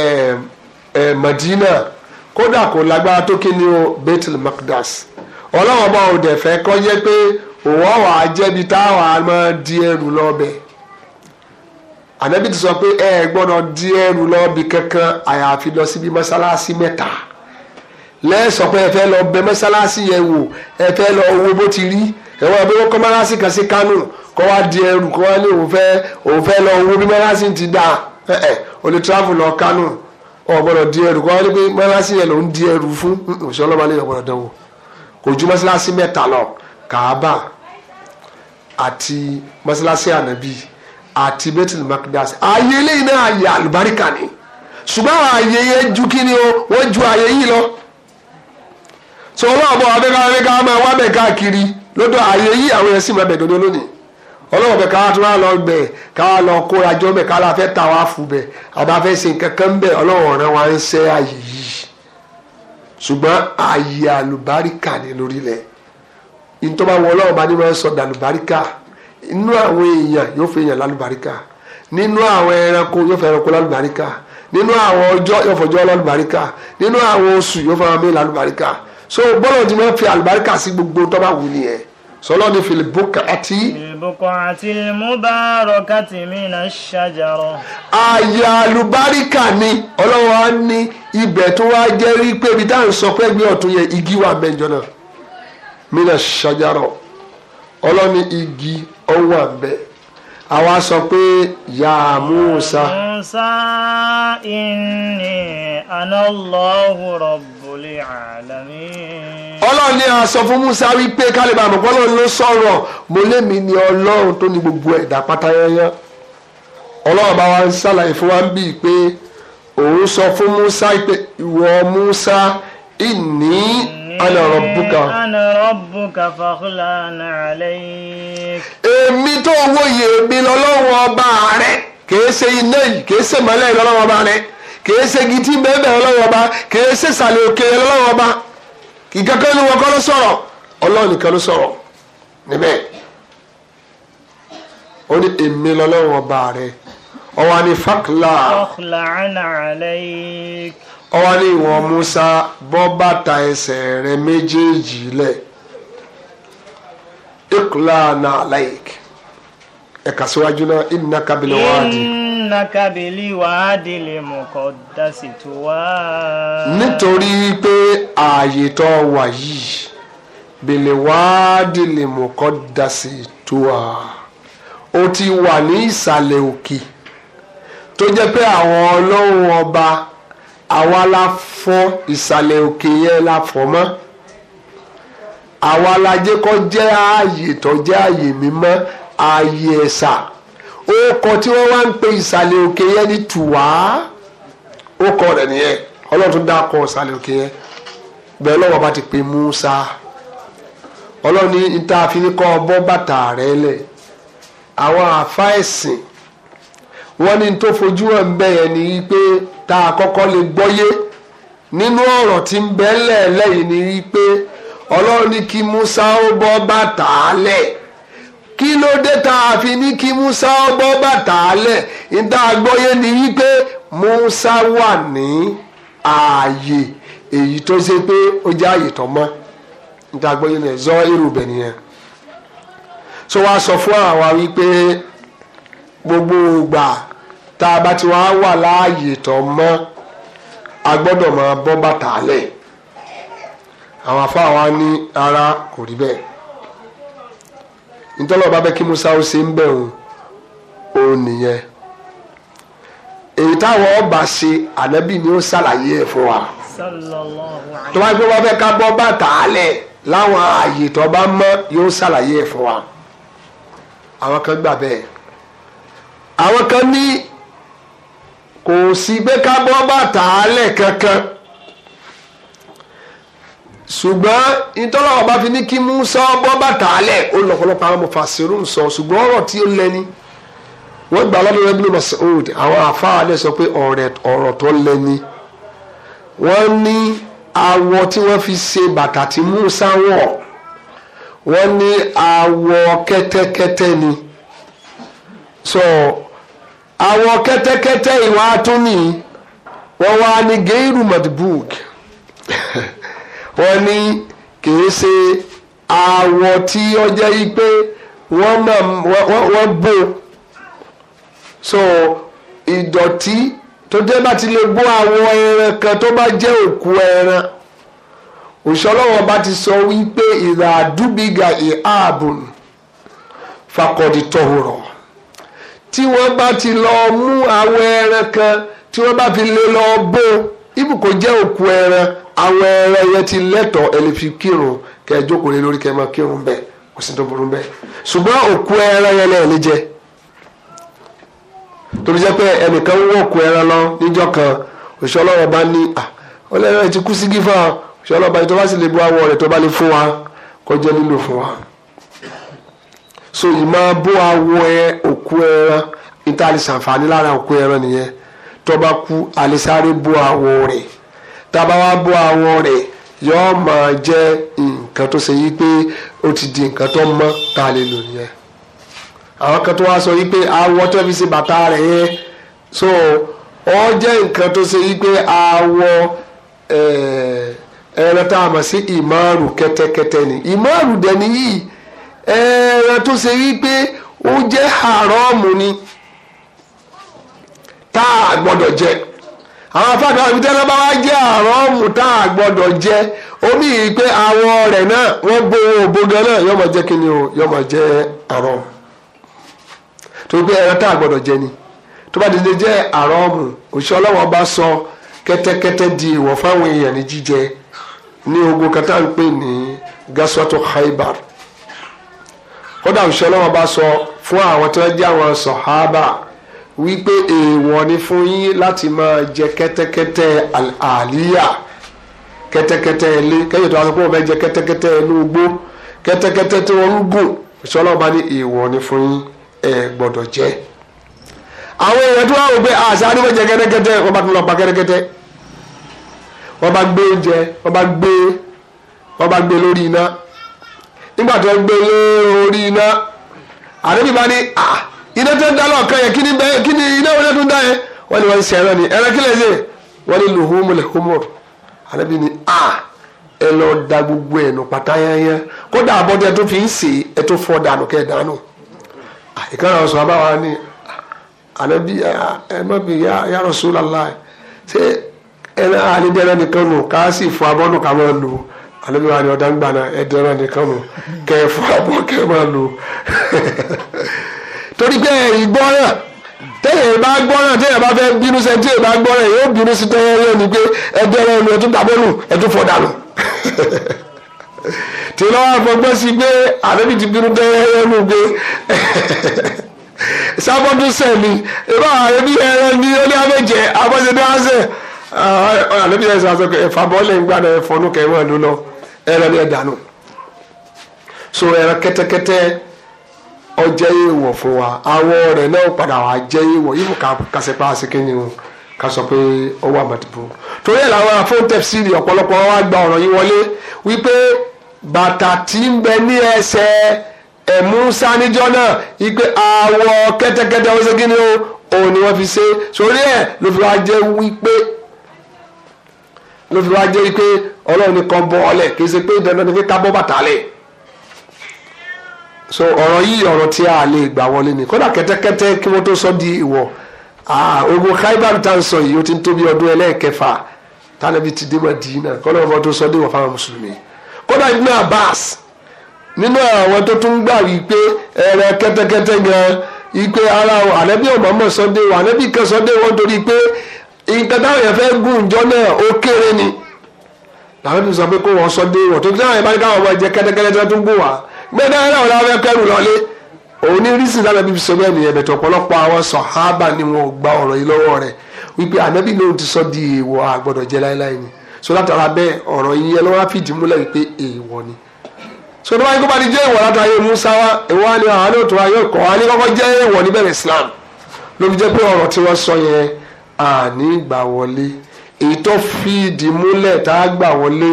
ẹ̀ ẹ̀ madina kódà kò lágbára tó kí ni o betel makdas ọlọ́run ọba ò dẹ̀ fẹ́ kọ́ jẹ́ pé òun ọ̀wà jẹ́bi táwa máa di ẹrù lọ́bẹ̀ ànábì ti sọ pé ẹ gbọ́dọ̀ di ẹrù lọ́bi kankan àyàfi lọ síbi mọ́sálásí mẹ́ta. Si lẹ́sọ̀ pé ẹ fẹ́ lọ bẹ mọ́sálásí yẹn wò ẹ fẹ́ lọ wo bó ti rí ẹ wọ́n abẹ́wọ́ kọ́ mọ́sálásí kan sí Kánò kọ́ wá di ẹrù kọ́ wá ní òun fẹ́ òun fẹ́ lọ wo bí mọ́sálásí ti dà ẹ ẹ o lè travel lọ Kánò ọ̀ gbọ́dọ̀ di ẹrù kọ́ wá ní pé mọ́sálásí yẹn ló ń di ẹrù fún òṣìṣẹ́ ọlọ́ba lè gbọ́dọ̀ dánwò kò ju mọ́sálásí mẹ́ta lọ Kaaba àti mọ́sálásí ànábì àti Baitul Maqdis o wọ́n ju ààyè so ọlọ́ọ̀bọ̀ abẹ́ká abẹ́ká máa wá bẹ̀ káàkiri lọ́dọ̀ ààyè yí àwọn èèyàn sì máa lónìí ọlọ́wọ́ bẹ̀ káwá tó wá lọ bẹ̀ káwá lọ kóra jọ káwá fẹ́ ta wá fún àbá fẹ́ ọlọ́wọ́ ń yìí ṣùgbọ́n àlùbáríkà ni ìtọ́ba ọlọ́wọ́ bá ní sọ dàlùbáríkà inú àwọn èèyàn yóò lálùbáríkà nínú àwọn ẹranko yóò fẹ́ ẹranko lálùbáríkà nínú àwọn ọjọ́ yóò fọjọ́ lálùbáríkà nínú àwọn oṣù yóò so bọ́lá ti máa fi àlùbáríkà sí gbogbo tó bá wù nìyẹn sọlọ ni fil buq'ati. fil buq'ati mubarakati mina shajara. àyà àlùbáríkà ni ọlọ́wọ́ á ní ibẹ̀ tó wá jẹ́ rí pé ibi tá à ń sọ pé ẹgbẹ́ ọ̀tún yẹn igi wà mẹ́jọ náà mina shajara ọlọ́ni igi ọwọ́ àbẹ́ àwa sọ pé ya Musa. Musa inni anallahu rabb alamin. ọlọ́run ní a fún Musa wípé kálíbà àmọ́ ọlọ́run ló sọ̀rọ̀ mo lémi ni ọlọ́run tó ní gbogbo ẹ̀dá pátáyányá ọlọ́run bá wa ń ṣàlàyé fún wa ń bíi pé òun sọ fún Musa pé ìwọ Musa ìní ana rabbuka. èmi tó wòye èmi lọ́lọ́run ọba rẹ̀ kèé ṣe iná yìí kèé ṣe mọ́lẹ́ ìlọ́lọ́run ọba rẹ̀. ka ese tí bẹ́ẹ̀ bẹ́ẹ̀ ka ese sàlẹ̀ òkè ọlọ́run ọba ìkankan ni wọn kọ́ ló sọ̀rọ̀ nìkan ló sọ̀rọ̀ níbẹ̀ ó ní èmi rẹ ọwọ́ ni fakla ọwọ́ ni ìwọ Musa bọ́ bàtà ẹsẹ̀ rẹ méjèèjì lẹ̀ na laik ẹ̀ka síwájú náà innaka biliwadil muqaddasi tuwa. nítorí wípé ààyè tó wà yìí biliwadil muqaddasi tuwa ó ti wà ní ìsàlẹ̀ òkè tó jẹ́ pé àwọn ọlọ́run ọba àwa la fọ́ ìsàlẹ̀ òkè yẹn la fọ́ mọ́ àwa la jẹ́ kó jẹ́ ààyè tó jẹ́ ààyè mímọ́ ààyè ẹ̀sà. orúkọ tí wọ́n wá ń pe ìsàlẹ̀ òkè yẹn ní tùwá orúkọ rẹ̀ nìyẹn ọlọ́run tún dákọ̀ ìsàlẹ̀ òkè yẹn bẹ́ẹ̀ lọ́wọ́ bá ti pe Musa ọlọ́run ní ìta àfinikọ́ bọ́ bàtà rẹ̀ lẹ̀ àwọn àfa ẹ̀sìn wọ́n ní tó fojú hàn bẹ́ẹ̀ ni wípé tá a kọ́kọ́ lè gbọ́yé nínú ọ̀rọ̀ tí ń bẹ́ẹ̀ lẹ̀ lẹ́yìn ni wípé ọlọ́run ní kí Musa ó bọ́ bàtà lẹ̀ kí ló dé tá a fi ní kí Musa bọ́ bàtà lẹ̀ níta gbọ́yé ni wípé Musa wà ní ààyè èyí tó ṣe pé ó jẹ́ ààyè tó mọ́ níta gbọ́yé ni zọ irú bẹ̀ nìyẹn tó wá sọ fún àwa wípé gbogbo ìgbà tá a bá ti wá wà láàyè tó mọ́ a gbọ́dọ̀ máa bọ́ bàtà lẹ̀ àwọn afáwa ní ara kò rí bẹ́ẹ̀ ntọ́lọ́ bá bẹ́ kí Musa ó ṣe ń bẹ̀ òun òun nìyẹn èyí táwọn ọba ṣe ànábì ni ó ṣàlàyé ẹ̀ fún wa tó bá gbé wọn fẹ́ ká bọ́ bàtà álẹ̀ láwọn ààyè tó bá mọ́ yóò ṣàlàyé ẹ̀ fún wa àwọn kan gbà bẹ́ẹ̀ àwọn kan ní kò sí gbé ká bọ́ bàtà álẹ̀ kankan ṣùgbọ́n ìtọ́lọ́wọ́ bá fi ní kí Musa bọ́ bàtà alẹ̀ ó lọ́pọ̀lọpọ̀ àwọn mufasiru ń sọ ṣùgbọ́n ọ̀rọ̀ tí ó lẹ́ni wọ́n gbà lọ́dọ̀ Ibn Mas'ud àwọn àfáà alẹ́ sọ pé ọ̀rọ̀ tó lẹ́ni wọ́n ní awọ tí wọ́n fi ṣe bàtà tí Musa wọ̀ wọ́n ní awọ kẹ́tẹ́kẹ́tẹ́ ni so awọ kẹ́tẹ́kẹ́tẹ́ ìwà atúnì wọ́n wá ní geiru madbuk wọ́n ní kìí ṣe àwọ̀ tí ó jẹ́ yí pé wọ́n máa wọ́n bò so ìdọ̀tí tó dé bá ti lè bó àwọn ẹran kan tó bá jẹ́ òkú ẹran òṣọlọ́wọ́ bá ti sọ wípé ìlà àdúbìgà ìhàbùn fakọ̀dì tọ̀hùrọ̀ tí wọ́n bá ti lọ mú àwọn ẹran kan tí wọ́n bá fi lè lọ bó ibùkún jẹ́ òkú ẹran àwọn ẹrẹ yẹn ti lẹ́tọ̀ọ́ ẹ fi kírun jókòó lórí kẹ́ máa kírun bẹ kò sí tó burú ṣùgbọ́n òkú ẹrẹ yẹn náà lè jẹ torí jẹ́ pé ẹnìkan wọ òkú ẹrẹ lọ níjọ kan òṣìṣẹ́ ọlọ́run bá ní à ọlẹ́rìn ti kú sí gífà òṣìṣẹ́ bá ní tó bá sì lè awọ tó bá lè fún wa fún wa so bó awọ ẹ òkú níta awọ tábà wá bọ́ àwọn rẹ̀ yóò máa jẹ́ nǹkan tó ṣe yí pé ó ti di nǹkan tó mọ́ tá lè lò nìyẹn àwọn kan tó wá sọ yí pé awọ tó fi ṣe bàtà rẹ̀ yẹn so ó jẹ́ nǹkan tó ṣe yí pé awọ eh, ẹran tá a mọ̀ sí ìmáàrù kẹ́tẹ́kẹ́tẹ́ ni ìmáàrù dẹ̀ nìyí ẹran tó ṣe yí pé ó jẹ́ haramu ni tá a gbọ́dọ̀ jẹ́ àwọn afáàkà ibi tí ẹran bá wá jẹ́ àrọ́ọ̀mù tá a gbọ́dọ̀ jẹ omi yìí pé awọ rẹ̀ náà wọ́n gbowó ògbógan náà yóò máa jẹ́ kíni o yóò máa jẹ́ àrọ́ọ̀mù tó gbé ẹran tá a gbọ́dọ̀ jẹ ni tó bá dìde jẹ́ àrọ́ọ̀mù òṣìṣẹ́ ọlọ́wọ́n bá sọ kẹ́tẹ́kẹ́tẹ́ di ìwọ̀ fáwọn èèyàn ní jíjẹ ní ogun kan tá à ń pè ní gaswato Khaybar kódà òṣìṣẹ́ ọlọ́wọ́n bá sọ fún àwọn tó ń jẹ́ àwọn sọ̀hábà wípé èèwọ̀ ni fún yín láti máa jẹ kẹ́tẹ́kẹ́tẹ́ àlíyà kẹ́tẹ́kẹ́tẹ́ ilé kẹ́yìn tó wá sọ pé wọ́n fẹ́ jẹ kẹ́tẹ́kẹ́tẹ́ inú igbó kẹ́tẹ́kẹ́tẹ́ tí wọ́n ń gùn ìṣọ́lá ọba ní èèwọ̀ ni fún yín ẹ̀ gbọ́dọ̀ jẹ. àwọn èèyàn tó wá wò pé àṣà ni wọ́n jẹ kẹ́tẹ́kẹ́tẹ́ wọ́n bá tún lọ pa kẹ́tẹ́kẹ́tẹ́ wọ́n bá gbé oúnjẹ wọ́n bá gbé wọ́n bá gbé lórí iná nígbà tó gbé lórí iná àdébí bá ah iná tó ń dá lọ́ọ̀kan yẹn kí ni bẹ́ẹ̀ kí ni iná wọlé tó ń dá yẹn wọ́n ní wọ́n ń ṣe ẹran ni ẹran kí lè ṣe wọ́n ní lùhùmùlù hùmùr àlẹ́bí ni a ẹ lọ da gbogbo ẹ̀ nù pátá yẹnyẹn kódà àbọ̀dẹ tó fi ń sè é tó fọ́ dànù kẹ́ dànù ìkànnì àwọn sọ̀rọ̀ báwa ni àlẹ́bí ẹ má bi ya Rasulullah ṣé ẹran àlẹ́dẹ́rẹ́ nìkan nù ká sì fọ abọ́nù ká máa lù àlẹ́bí wa ni ọ̀dà ń gbà náà ẹ̀dẹ́rẹ́ nìkan nù kẹ́ fọ abọ́ kẹ́ máa lù. torí pé ẹ̀yìn gbọ́ràn tẹ́yẹ̀ bá gbọ́ràn tẹ́yẹ̀ bá fẹ́ bínú sẹ́ tẹ́yẹ̀ bá gbọ́ràn yóò bínú sí tẹ́yẹ̀ yóò ní pé ẹ̀dọ́ ẹ̀rọ ẹ̀nu ẹ̀tún tàbọ́nù ẹ̀tún fọ̀dànù tí lọ́wọ́ àfọgbọ́ sí pé àbẹ́bí ti bínú tẹ́yẹ̀ ẹ̀nu pé sábọ́dún sẹ́mi ìbá àbẹ́bí ẹ̀rọ ní ọdún abẹ́jẹ́ abọ́sẹ̀dé ásẹ̀ ah, àbẹ́bí ẹ̀sẹ̀ àṣọ ẹ̀fàbọ́lẹ̀ gbàdọ̀ ẹ̀fọ́nù kẹwọ́n ẹ̀dún lọ ẹ̀rọ ní ẹ̀dánù so ẹ̀rọ kẹ́tẹ́kẹ́tẹ́ ó jẹ́ èèwọ̀ fún wa àwọn rẹ̀ náà padà wá jẹ́ èèwọ̀ yìí ká ṣe pa àṣekè ni o ká sọ pé ó wà mọ̀tìbò torí ẹ̀ làwọn afọ́ńtẹ̀p sí ọ̀pọ̀lọpọ̀ wa gba ọ̀rọ̀ yìí wọlé wípé bàtà tí ń bẹ ní ẹsẹ̀ ẹ̀músá níjọ́ náà wípé àwọ̀ kẹ́tẹ́kẹ́tẹ́ ó ṣe kí ni o òun ni wọ́n fi ṣe sórí ẹ̀ ló fi wá jẹ́ wípé ló fi wá jẹ́ wípé ọlọ́run nìkan bọ́ ọlẹ̀ kì í ṣe pé dandan ni pé ká bọ́ bàtà lẹ̀ so ọ̀rọ̀ yìí ọ̀rọ̀ tí a lè gbà wọlé ni kódà kẹ́tẹ́kẹ́tẹ́ kí wọ́n tó sọ di ìwọ̀ ogun khaibar tá n sọ yìí ó ti ń tóbi ọdún ẹlẹ́ẹ̀kẹfà tánàbí ti dé Mádínà kọ́dà ọmọ tó sọ di ìwọ̀ fáwọn mùsùlùmí kódà Ibn Abbas nínú àwọn tó tún gbà wí pé ẹ̀rẹ̀ kẹ́tẹ́kẹ́tẹ́ gan ipe ara o ànábì ọmọọmọ sọdẹ o ànábì kan sọdẹ wọn torí pé nǹkan táwọn yẹn fẹ́ gùn jọ náà ó kéré ni làwọn ti sọ pé kó wọn sọdẹ wọn tó ti náà yẹn bá ní káwọn ọmọ ẹ̀jẹ̀ kẹ́tẹ́kẹ́tẹ́ tó ń gùn wá gbẹdẹ ẹlẹ́wọ̀n la fẹ́ kẹ́rù lọ́lé òun ní rísì lábẹ́ bíbí sọ bẹ́ẹ̀ nìyẹn bẹ̀tẹ̀ ọ̀pọ̀lọpọ̀ àwọn sàhábà ni wọn ò gba ọ̀rọ̀ yìí lọ́wọ́ rẹ̀ wípé ànábì náà ti sọ di èèwọ̀ àgbọ̀dọ̀ jẹ láéláé ni so látara bẹ́ẹ̀ ọ̀rọ̀ yìí ẹlọ́wọ́ fìdí múlẹ̀ wípé èèwọ̀ ni so tó bá yẹ kó bá ti jẹ́ èèwọ̀ látara yẹ Musa wa èèwọ̀ ni àwọn àlọ́ tó wa yóò kọ́ wa ní kọ́kọ́ jẹ́ èèwọ̀ níbẹ̀rẹ̀ Islam ló fi jẹ́ pé ọ̀rọ̀ tí wọ́n sọ yẹn àní gbà wọlé èyí tó fìdí múlẹ̀ tá a gbà wọlé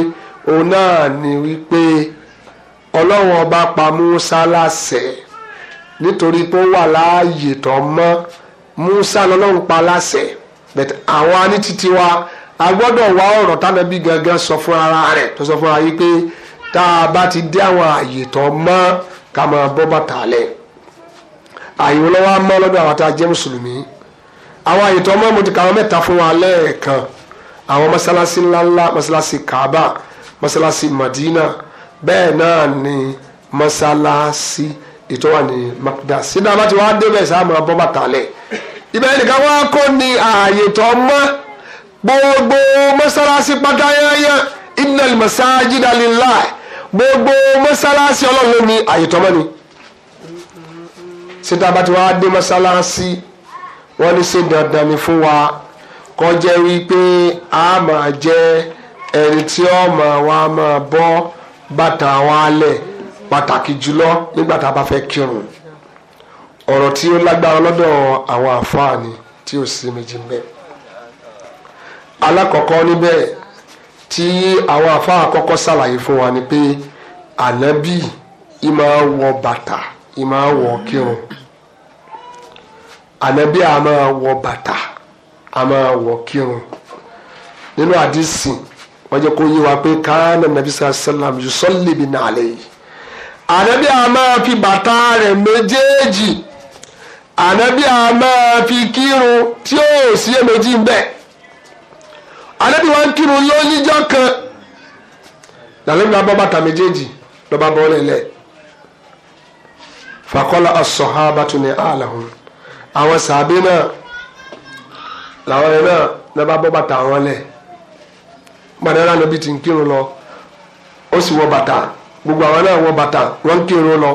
òun náà ni wípé ọlọ́run ọba pa Musa láṣẹ nítorí pé ó wà láàyè tó mọ́ Musa lọ́lọ́run pa láṣẹ bẹ̀tẹ̀ àwọn anítìtì wa a gbọ́dọ̀ wá ọ̀rọ̀ tánàbí gangan sọ fún ara rẹ̀ tó sọ fún ara yìí pé tá a bá ti dé àwọn àyè tó mọ́ ká máa bọ́ bàtà lẹ̀ àyè lọ́wọ́ á mọ́ lọ́dọ̀ àwọn tá a jẹ́ mùsùlùmí àwọn àyè tó mọ́ mo ti kà mẹ́ta fún wa lẹ́ẹ̀kan àwọn mọ́sálásí ńláńlá mọ́sálásí Kaaba mọ́sálásí Madina bẹ́ẹ̀ náà ni mọ́sálásí ìtọ́wà ní makdas sínú àbá tí wàá débẹ̀ sáàmù ọbọ̀ bàtàlẹ̀ ibẹ̀ nìkan wá kó ní ààyè tó mọ́ gbogbo mọ́sálásí pátá yányán innal masajida lillah gbogbo mọ́sálásí ọlọ́run ní ààyè tó mọ́ ni sínú àbá tí wàá dé mọ́sálásí wọ́n ní ṣe dandan ni fún wa kó jẹ́ wípé a máa jẹ́ ẹni tí ó máa máa bọ́ bàtà àwọn alẹ̀ pàtàkì jùlọ nígbà tá a bá fẹ́ kírun ọ̀rọ̀ tí ó lágbára lọ́dọ̀ àwọn àfáà ni tí ò sí méjì ń bẹ. alákọ̀ọ́kọ́ níbẹ̀ tí àwọn àfáà kọ́kọ́ ṣàlàyé fún wa ni pé ànábì ìmọ̀ wọ bàtà wọ́n jẹ́ kó yé wa pé káánà nàbí sàlám yusọ́lì bí nàlẹ́ yìí. ànábì a fi bàtà rẹ̀ méjèèjì ànábì a fi kírun tí ó sì é méjì ń bẹ̀. ànábì wa ń kírun lóníjọ́ kan làlẹ́bí wa bọ́ bàtà méjèèjì lọ́ba bọ́ lélẹ̀. fàkọ́lá as-sahabatu ní àlàhùn àwọn sàbí náà làwọn ẹ̀ náà lọ́ba bọ́ bàtà wọn lẹ̀ gbàdára nàbí ti ń kírun lọ ó sì wọ bàtà gbogbo àwọn náà wọ bàtà wọn ń kírun lọ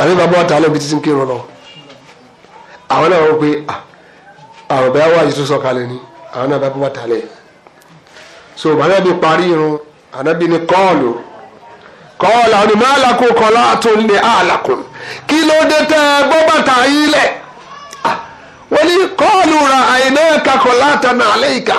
àbí bàbá ọ̀tá nàbí ti ń kírun lọ àwọn náà wọ pé àrùn bẹ́ẹ̀ wà yìí tó sọ̀kalẹ̀ ni àwọn náà bá bọ́ bàtà lẹ̀ so bàbá mi parí irun ànábì ni kọ́ọ̀lù kọ́ọ̀lù àwọn ìmọ̀ àlàkùn kọ́lá tó lè àlàkùn kí ló dé tẹ́ ẹ gbọ́ bàtà yìí lẹ̀ wọ́n ní kọ́ọ̀lù ra àìná kakọ̀ látàná àlẹ́ ìka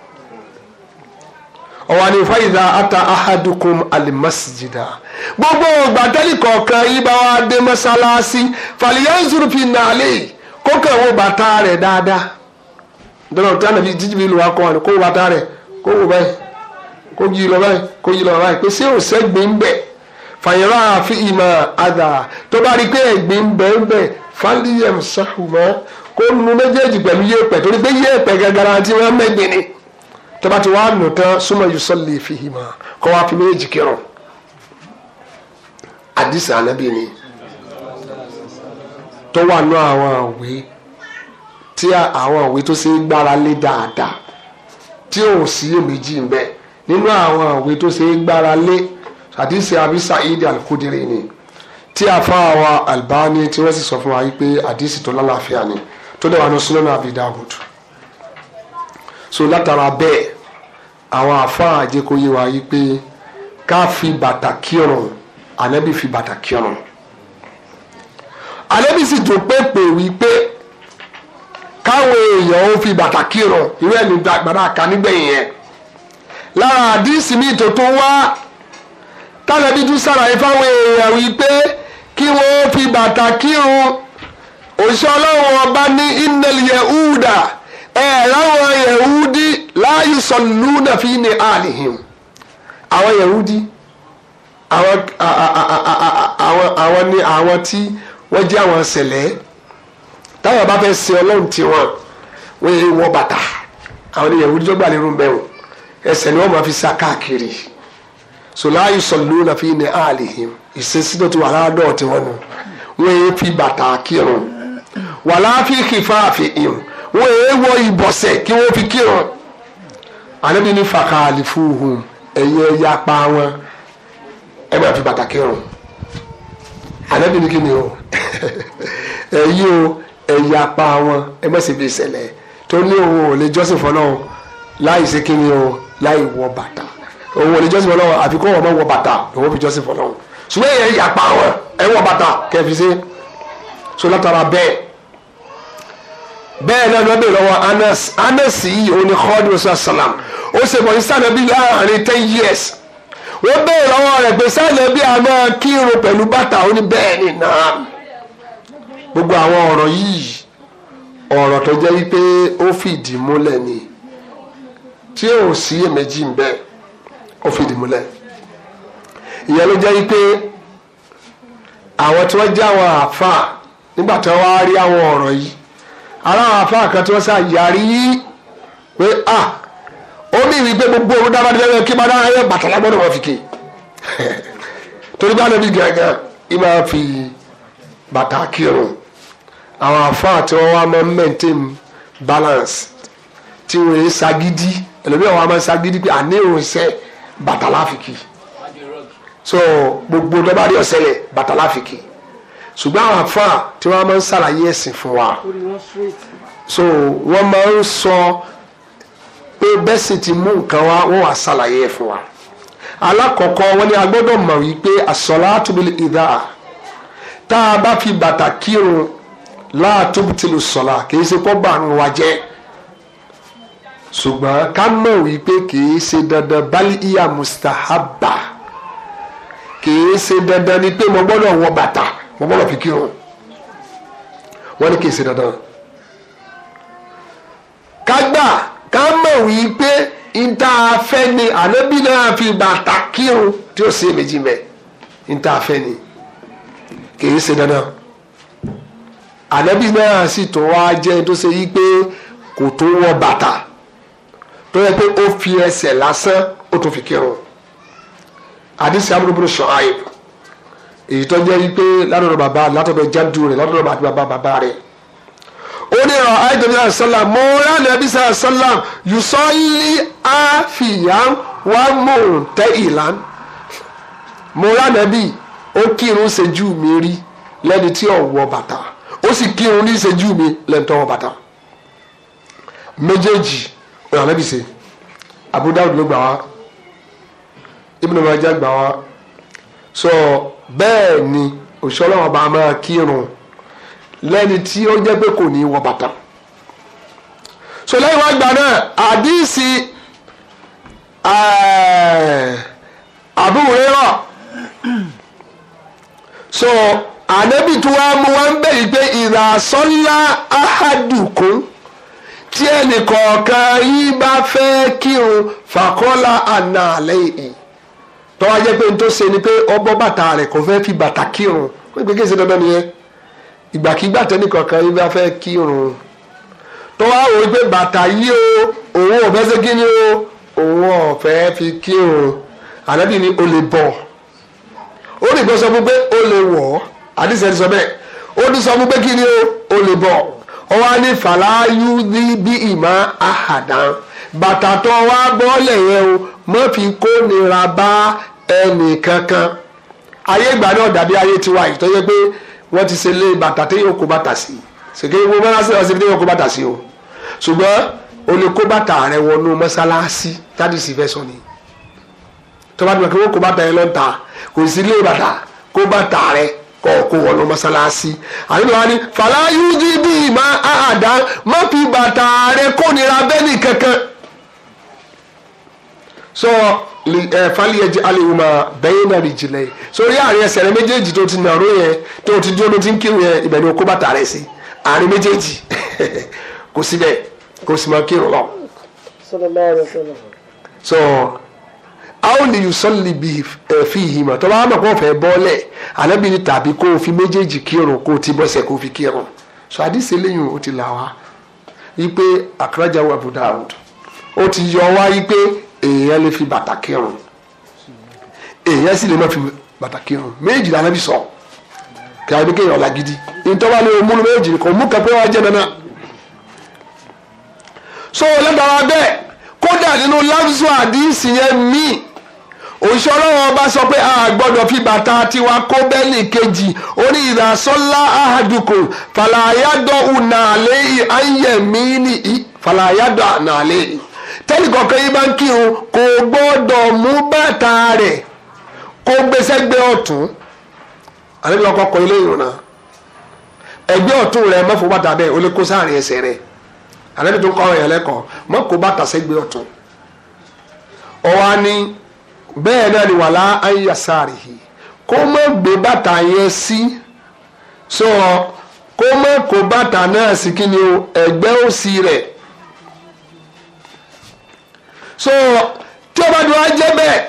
ọwọ́ ni fàyídà ata ahadukum alimasijida gbogbo gbàtẹ́lì kọ̀ọ̀kan yìí bá wá dé mọ́sálásí fàlíyànzúrú fi nàlẹ́ kókè wo bàtà rẹ̀ dáadáa dọ́nà tí a nàfi jíjí mi lù wá kọ́ kó wo bàtà rẹ̀ kó wo báyìí kó yí lọ báyìí kó yí lọ báyìí pé ṣé òṣègbè ń bẹ̀ fàyẹ̀rọ àfi ìmọ̀ àdà tó bá rí pé ẹ̀gbẹ́ ń kó nu méjèèjì pẹ̀lú yẹ̀pẹ̀ torí pé yẹ̀pẹ̀ gàgàrà àti wọn mẹ́gbẹ̀ẹ́ ni tọ́ba ti wá nù tán súnmọ́ yusalli fihima kọ́ wá fi méjì kírun àdìsí ànábì ni tó wà nù àwọn òwe tí àwọn òwe tó ṣe é gbára lé dáadáa tí ò sí èméjì ń bẹ nínú àwọn òwe tó ṣe é gbára Abi Sa'id al-Khudri ni tí a fa àwọn Albani tí wọ́n sì sọ fún wa yìí pé àdìsí tó lálàáfíà ni tó dẹ̀ wà ní Sunan Abi Dawud so látara bẹ́ẹ̀ àwọn àfáà àjẹkọyé wa yìí pé ká fi bàtà kírun ànábì fi bàtà kírun ànábì sì tún pèpè wípé káwọn èèyàn ó fi bàtà kírun irú ẹni gbàgbàrà ká nígbẹ̀yìn yẹn lára àdísì mi tó wá tálẹ́bí tún sàlàyé fáwọn èèyàn wípé kí wọ́n fi bàtà kírun òṣìṣẹ́ ọlọ́run ọba ní inel yehuda Ee, láwọn láàyè sọlù fi ní àlìhìn àwọn yahudi àwọn ni àwọn tí wọ́n jẹ́ àwọn ṣẹlẹ̀ táwọn bá fẹ́ sin ọlọ́run tiwọn wọ́n yẹ wọ bàtà àwọn ni yahudi tó gbà lérò ẹsẹ̀ ni wọ́n máa fi sa káàkiri so láàyè sọlù náà fi ní àlìhìn ìṣesí tó ti wà ládọ̀ tiwọn nù wọ́n yẹ fi bàtà kírun wọ́n èé wọ ìbọ̀sẹ̀ kí wọ́n fi kírun ànábi ní fàkàlì fúhùn ẹ̀yẹ yapa wọn ẹ máa fi bàtà kírun ànábi ní kíni o ẹ̀yí o ẹ̀yapa wọn ẹ má ṣe bí ìṣẹ̀lẹ̀ tó ní òun ò lè jọ́sìn fọlọ́ láì ṣe kíni o láì wọ bàtà òun ò lè jọ́sìn fọlọ́ àfikún ọmọ wọ bàtà lòun fi jọ́sìn fọlọ́ ṣùgbọ́n ẹ̀yẹ yapa wọn ẹ wọ bàtà kẹfì sí so látara bẹ́ẹ̀ bẹ́ẹ̀ náà lọ́bẹ̀ lọ́wọ́ anas anas yìí òní kọ́ọ̀dù sàlám ó ṣe mọ̀ ní sànàbí láàrin ten years wọ́n bẹ́ẹ̀ lọ́wọ́ rẹ̀ pé sànàbí àmọ́ kírun pẹ̀lú bàtà òní bẹ́ẹ̀ ni náà gbogbo àwọn ọ̀rọ̀ yìí ọ̀rọ̀ tó jẹ́ wípé ó fìdí múlẹ̀ ni tí ò sí èméjì ń bẹ ó fìdí múlẹ̀ ìyẹn ló jẹ́ wípé àwọn tí wọ́n já àwọn àáfàá nígbà tí wọ́n wá rí àwọn ọ̀rọ̀ yìí aláwọ̀ afáà kan tí wọ́n sá yàrí pé a ó ní ìwé pé gbogbo òun dábàá níbẹ̀ kí máa dáhà yẹ bàtà lágbọ́dọ̀ wọ́n fi ké torí bá lóbi gẹ̀gẹ̀ ì máa fi bàtà kírun àwọn afáà tí wọ́n wá máa maintain balance tí wọ́n yẹ sagidi ẹlòmíràn wọ́n máa sagidi pé àní òun sẹ́ bàtà láfikì so gbogbo dọ́bàdì ọ̀sẹ̀ yẹ bàtà láfikì ṣùgbọ́n àwọn afa tí wọ́n máa ń ṣàlàyé ẹ̀sìn fún wa so wọ́n máa ń sọ pé bẹ́sìn ti mú nǹkan wá wọ́n wàá ṣàlàyé ẹ̀ fún wa alákọ̀ọ́kọ́ wọ́n ní a mọ̀ wípé as-salatu bil tá a bá fi bàtà kírun la tubtilu sọ̀la kìí ṣe kó bá àrùn wa jẹ́ ṣùgbọ́n ká mọ̀ wípé kìí ṣe dandan bali iya mustahaba kìí ṣe dandan ni pé mo gbọ́dọ̀ wọ bàtà mo gbọ́dọ̀ fi kírun wọ́n ní kì í ṣe dandan ká gbà ká mọ̀ wípé níta afẹ́ ni ànábì náà fi bàtà kírun tí ó ṣe méjì mẹ́ níta afẹ́ ni kì í ṣe dandan ànábì náà sì tún wá jẹ́ tó ṣe yí pé kò tó wọ bàtà tó yẹ pé ó fi ẹsẹ̀ lásán ó tún fi kírun àdìsí amúlùmúlù sọ àyè èyí tó jẹ́ wípé látọ̀dọ̀ bàbá látọ̀dọ̀ jáde rẹ̀ látọ̀dọ̀ bàbá bàbá rẹ̀ ó ní ọ àìdèmí àṣàlá mo rà nàbí sàṣàlá yùsọ́lì àfìyàn wà mò ń tẹ ìlànà mo rà ó kírun ṣẹ́jú mi rí lẹ́ni tí ò bàtà ó sì kírun ní ṣẹ́jú mi lẹ́ni tó wọ bàtà méjèèjì ọ̀rọ̀ ànábì ṣe Abu Dawud ló gbà wá Ibn So, bẹ́ẹ̀ ni òṣìṣẹ́ ọlọ́run ọba máa kírun lẹ́ni tí ó jẹ́ pé kò ní wọ bàtà so lẹ́yìn wá gbà náà àdìsí àbúrò rírọ̀ so ànábì tí wàá mú wá ń bẹ̀ yìí pé ìràsọ́lá ahadùkún tí ẹnì kọ̀ọ̀kan yìí bá fẹ́ kírun fàkọ́lá àná tọ́wọ́ ajẹ́ pé n tó ṣe ni pé ọbọ̀ bàtà rẹ̀ kò fẹ́ fi bàtà kírun pé pé kí n ṣe dandan nìyẹn ìgbàkigbà tẹ́nì kankan yìí bá fẹ́ kírun tọ́wọ́ àwọn ìgbé bàtà yìí o òun ọ̀fẹ́ ṣe kí ni o òun ọ̀fẹ́ fi kírun ànábì ni o lè bọ̀ ó rí ìgbọ́sọ fún pé o lè wọ̀ àdìsẹ́ ti sọ bẹ́ẹ̀ ó ti sọ fún pé kí ni o o lè bọ̀ ọ wá ní fàlàyé ní bí ìmọ̀ àhàdán bàtà tó wá bọ́ọ̀lẹ̀ yẹn o mọ́ fi kó nira bá ẹnìkankan ayé ìgbà náà dàbí ayé tiwa yìí tó yẹ pé wọ́n ti ṣe lé bàtà tí yóò kó bàtà sí ṣèké wo mọ́sálásí ọ̀sẹ̀ tí yóò kó bàtà sí o ṣùgbọ́n o lè kó bàtà rẹ wọnú mọ́sálásí tádìsí fẹ́ sọ ni tó bá dùn kí wọ́n kó bàtà yẹn lọ́ta kò sí lé bàtà kó bàtà rẹ kọ̀ọ̀kọ́ wọnú mọ́sálásí àyìnbó wa ni fàlàyé jíjí má àdá má fi bàtà rẹ kó nira bẹ́ẹ̀ ni kankan. so, fáliyẹjì eh, alihuma bẹyìn náà lè jìnlẹ̀ sórí àárín ẹsẹ̀ rẹ méjèèjì tó ti nàró yẹn tó ti dúró ti ń kírun yẹn ni o bàtà rẹ sí àárín méjèèjì kò síbẹ̀ kò sì máa kírun lọ. so àwọn lè sọ́ọ̀lì bí fi ìhìmọ̀ tó bá wà mọ̀ kó fẹ́ bọ́ọ̀lẹ̀ alábìrin tàbí kó o fi méjèèjì kírun kó o ti bọ́sẹ̀ kó o fi kírun so àdìsí eléyìí o ti là wá yí pé àkàràjà wà bùdà ó ti yọ wá yí pé èèyàn lè fi bàtà kírun èèyàn sì lè má fi bàtà kírun méjì lànà bí sọ kí a bí kéèyàn ọ̀la gidi ìtọ́wá ni o múlu méjì kò mú kẹfẹ́ wa jẹ́ nana so lẹ́tara bẹ́ẹ̀ kódà nínú lábùsù àdìsí yẹn míì òṣìṣẹ́ ọlọ́run ọba sọ pé a gbọ́dọ̀ fi bàtà tiwa kó bẹ́ẹ̀lì kejì orí ìdásọ́lá ahadùkù fàlàyàdọ̀ nàlẹ́ ayẹ̀mí ni fàlàyàdọ̀ nàlẹ́ yìí tẹ́nìkọ̀ọ̀kan yín bá ń kírun kò gbọ́dọ̀ mú bàtà rẹ̀ kó gbèsègbè ọ̀tún àníbi ọkọ̀ kọ ilé ìrùnà ẹgbẹ́ ọ̀tún rẹ̀ mọ́fọ́ bàtà bẹ́ẹ̀ ó lè kó sáàrin ẹsẹ̀ rẹ̀ àníbi tó ń kọ́ ọ̀yàn lẹ́kọ̀ọ́ mọ́ kó bàtà sẹ́gbẹ́ ọ̀tún ọ̀wá ni bẹ́ẹ̀ náà ni wàhálà ayé sáàrin yìí kó mọ̀ gbé bàtà yẹn sí sọ kó mọ̀ kó bàtà náà sí kí ni o ẹgbẹ́ òsì rẹ̀ so tí o bá dùn á jẹ́ bẹ́ẹ̀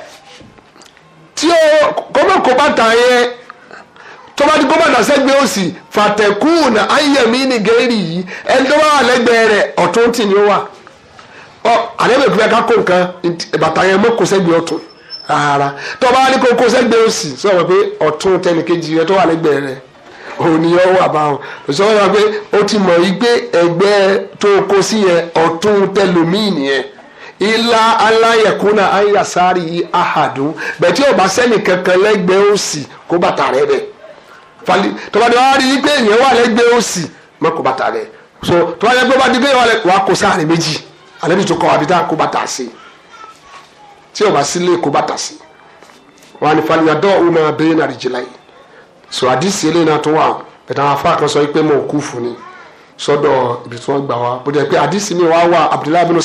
tí o kọ́mọ̀ kó bàtà yẹ tó bá di kó bàtà sẹ́gbẹ́ òsì fàtẹ̀kùn ayẹ̀mí ni gẹ́rì yìí ẹni tó bá wà lẹ́gbẹ̀ẹ́ rẹ̀ ọ̀tún tì ní ó wà ọ àlẹ́bẹ̀ kúbẹ̀ ká kó nǹkan bàtà yẹn mọ́ kó sẹ́gbẹ́ ọ̀tún rárá tó bá ní kó kó sẹ́gbẹ́ òsì sọ wọ́n pé ọ̀tún tẹnìkejì rẹ̀ tó wà lẹ́gbẹ̀ẹ́ rẹ̀ òun ni ọ wà báwọn òṣèwọ́n yà pé ó ti mọ̀ yí pé tó kó sí yẹn ọ̀tún tẹlómìn yẹn ilá aláyẹ̀kúnà ayàsárì ahàdùn bẹ̀tí ò bá sẹ́ni kankan lẹ́gbẹ̀ẹ́ òsì kó bàtà rẹ̀ bẹ̀ tọ́wádìí wá rí i pé èèyàn wà lẹ́gbẹ̀ẹ́ òsì mọ́ kó bàtà rẹ̀ so tọ́wádìí pé bàtà rẹ̀ wà kó sáàrin méjì àlẹ́bí tó kọ́ àbí tá kó bàtà sí tí ò bá sílé kó bàtà sí wọn ni faliyadọ́ ọ̀hún máa bẹ́ẹ̀ náà rí yìí so àdìsí eléyìí náà tó wà bẹ̀tà àwọn afáàkàn sọ pé mọ̀ òkú fún ni sọ́dọ̀ ibi tí wọ́n gbà wá bó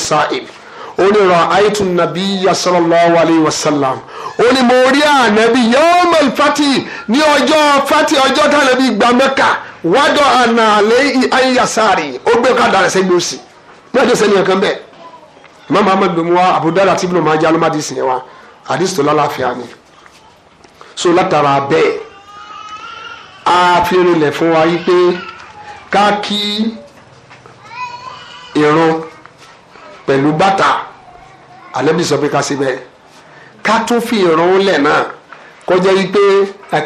ó ní rọ àìtún nàbí sallallahu alayhi wa sallam ó ní mo rí ànábì yawmal fati ní ọjọ́ fati ọjọ́ tànàbí gba Mẹ́kà wádọ̀ àná àlẹ́ ayéyàsáàrì ó gbé kádà rẹ̀ sẹ́gbẹ́ òsì ní ọjọ́ sẹ́ni ẹ̀kan bẹ́ẹ̀ mama ahmed bin wa abudulayi àti ibùdó máa jẹ́ alọ́mọdé sìn wa àdìsí lálàáfíà ni so látara bẹ́ẹ̀ a fi rinlẹ̀ fún wa yí pé ká kí irun pẹ̀lú bàtà alẹ́bí sọ pé ká ṣe bẹ́ẹ̀ ká tún fi ìrun lẹ̀ náà kọjá yìí pé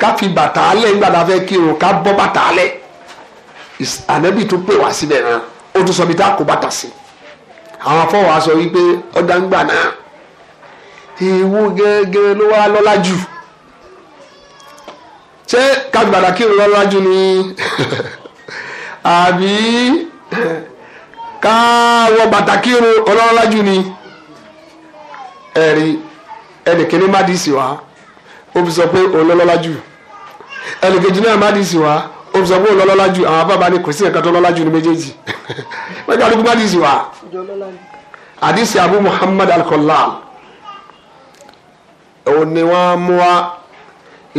ká fi bàtà lẹ̀ nígbà tá a fẹ́ kírun ká bọ́ bàtà lẹ̀ alẹ́bí tún pè wá síbẹ̀ náà ó tún sọ bí tá a kó bàtà sí àwọn afọwọ́ aṣọ yìí ọ̀dà ń gbà náà ewu gẹ́gẹ́ ló wá lọ́lá jù ṣé ká fi bàtà kírun lọ́lá jù ni àbí ká wọ bàtà kírun ọlọ́lá jù ni ẹ̀rí ẹnìkíní má dì í sí wa ó fi sọ pé òun lọ́lọ́lá jù ẹnìkejì náà má dì í sí wa ó fi sọ pé òun jù àwọn bàbá ni kò sí nǹkan tó lọ́lá jù ní méjèèjì mẹ́jọ àdúgbò má dì sí wa àdìsí abu muhammad al-Khallal òun ni wọ́n mú wa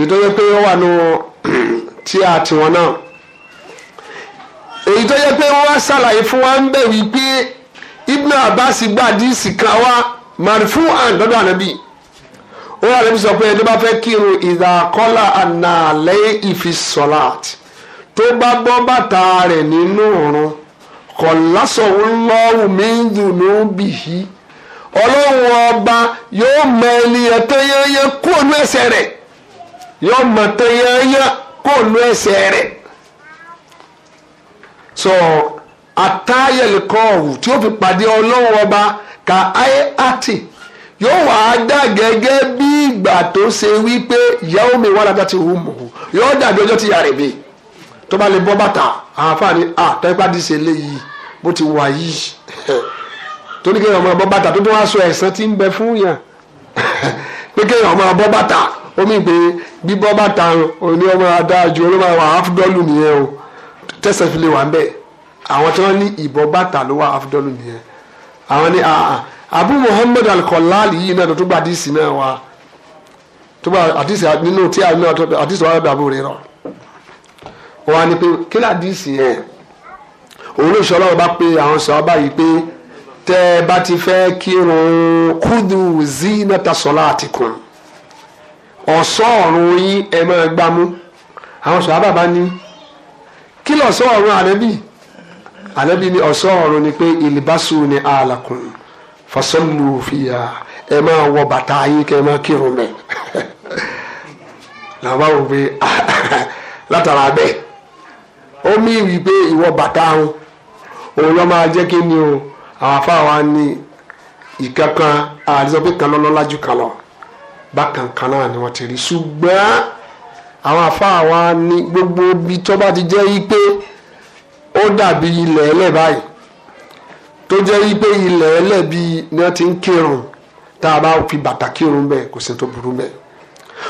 ìtọ́jú pé ó wà nù tí a tiwọn náà èyí tó yẹ pé wọ́n ṣàlàyé fún wa ń bẹ̀ wípé ibn abbas gba àdìsí kan wá màrífù àn lọ́dọ̀ ànábì ó wà lẹ́bi sọ pé ẹni bá fẹ́ kírun ìdàkọ́là ànàlẹ́ ìfisọ̀láàt tó bá bọ́ bàtà rẹ̀ nínú ọ̀run kọ̀ lásọ̀wọ́ lọ́wọ́ mi ń dùnú bìyí ọlọ́run ọba yóò mọ ènìyàn tẹ́yẹ́yẹ́ kó nu ẹsẹ̀ rẹ̀ yóò mọ tẹ́yẹ́yẹ́ kó nu ẹsẹ̀ rẹ̀ sọ àtàyẹ̀lẹ̀kọ́ọ̀wù tí ó fi pàdé ọlọ́run ọba ka ayé àti yóò wá dà gẹ́gẹ́ bí ìgbà tó ṣe wípé ìyàwó mi wàhálà dá ti wù mọ̀ yóò dàbí ọjọ́ tí ìyá rẹ̀ bí tó bá lè bọ́ bàtà àǹfààní àtẹ́gbá ti ṣe léyìí bó ti wà yìí tó ní kéèyàn máa bọ́ bàtà tó tó wá sọ ẹ̀sán tí ń bẹ fún yàn pé kéèyàn máa bọ́ bàtà omi pé bíbọ́ bàtà òní ọmọ adájú olóma wà áfúdọ́lù nìyẹn o tẹ̀sán fi lè wà ń bẹ̀ àwọn tí wọ́n ní ìbọ́ bàtà ló wà áfúdọ́lù nìyẹn àwọn ní ah, ah, abu muhammad al-Khalali yìí náà tó gba àdìsí náà wá tó gba àdìsí nínú tí a náà tó àdìsí wàá dàbò rẹ rọ wọn á ní pé kí ni àdìsí yẹn òun ló sọ ọlọ́run bá pé àwọn sọ ọba yìí pé tẹ́ ẹ bá ti fẹ́ kírun kúdù zinata salatikum ọ̀ṣọ́ ọ̀run yín ẹ máa gbámú àwọn sọ ọba bá ní kí lọ́sọ̀ ọ̀run àrẹ́bí ànábì ni ọ̀ṣọ́ ọ̀run ni pé ìlìbásù ni àlàkùn fasọ́lù fìyà ẹ máa wọ bàtà yín kẹ ẹ máa kírun mẹ́ làwọn wò pé látara bẹ́ẹ̀ ó mí wí pé ìwọ bàtà ń òun lọ́ máa jẹ́ kí ni o àwọn afáwa ni ìkankan àdìsọ kan lọ́lọ́lá jù kan lọ bákan kan náà ni wọ́n ti rí ṣùgbọ́n àwọn afáwa ni gbogbo ibi tó bá ti jẹ́ yí pé ó dàbí ilẹ̀ ẹlẹ̀ báyìí tó jẹ́ wípé ilẹ̀ ẹlẹ̀ bíi ni wọ́n ti ń kírun tá a bá fi bàtà kírun bẹ́ẹ̀ kò sí tó burú bẹ́ẹ̀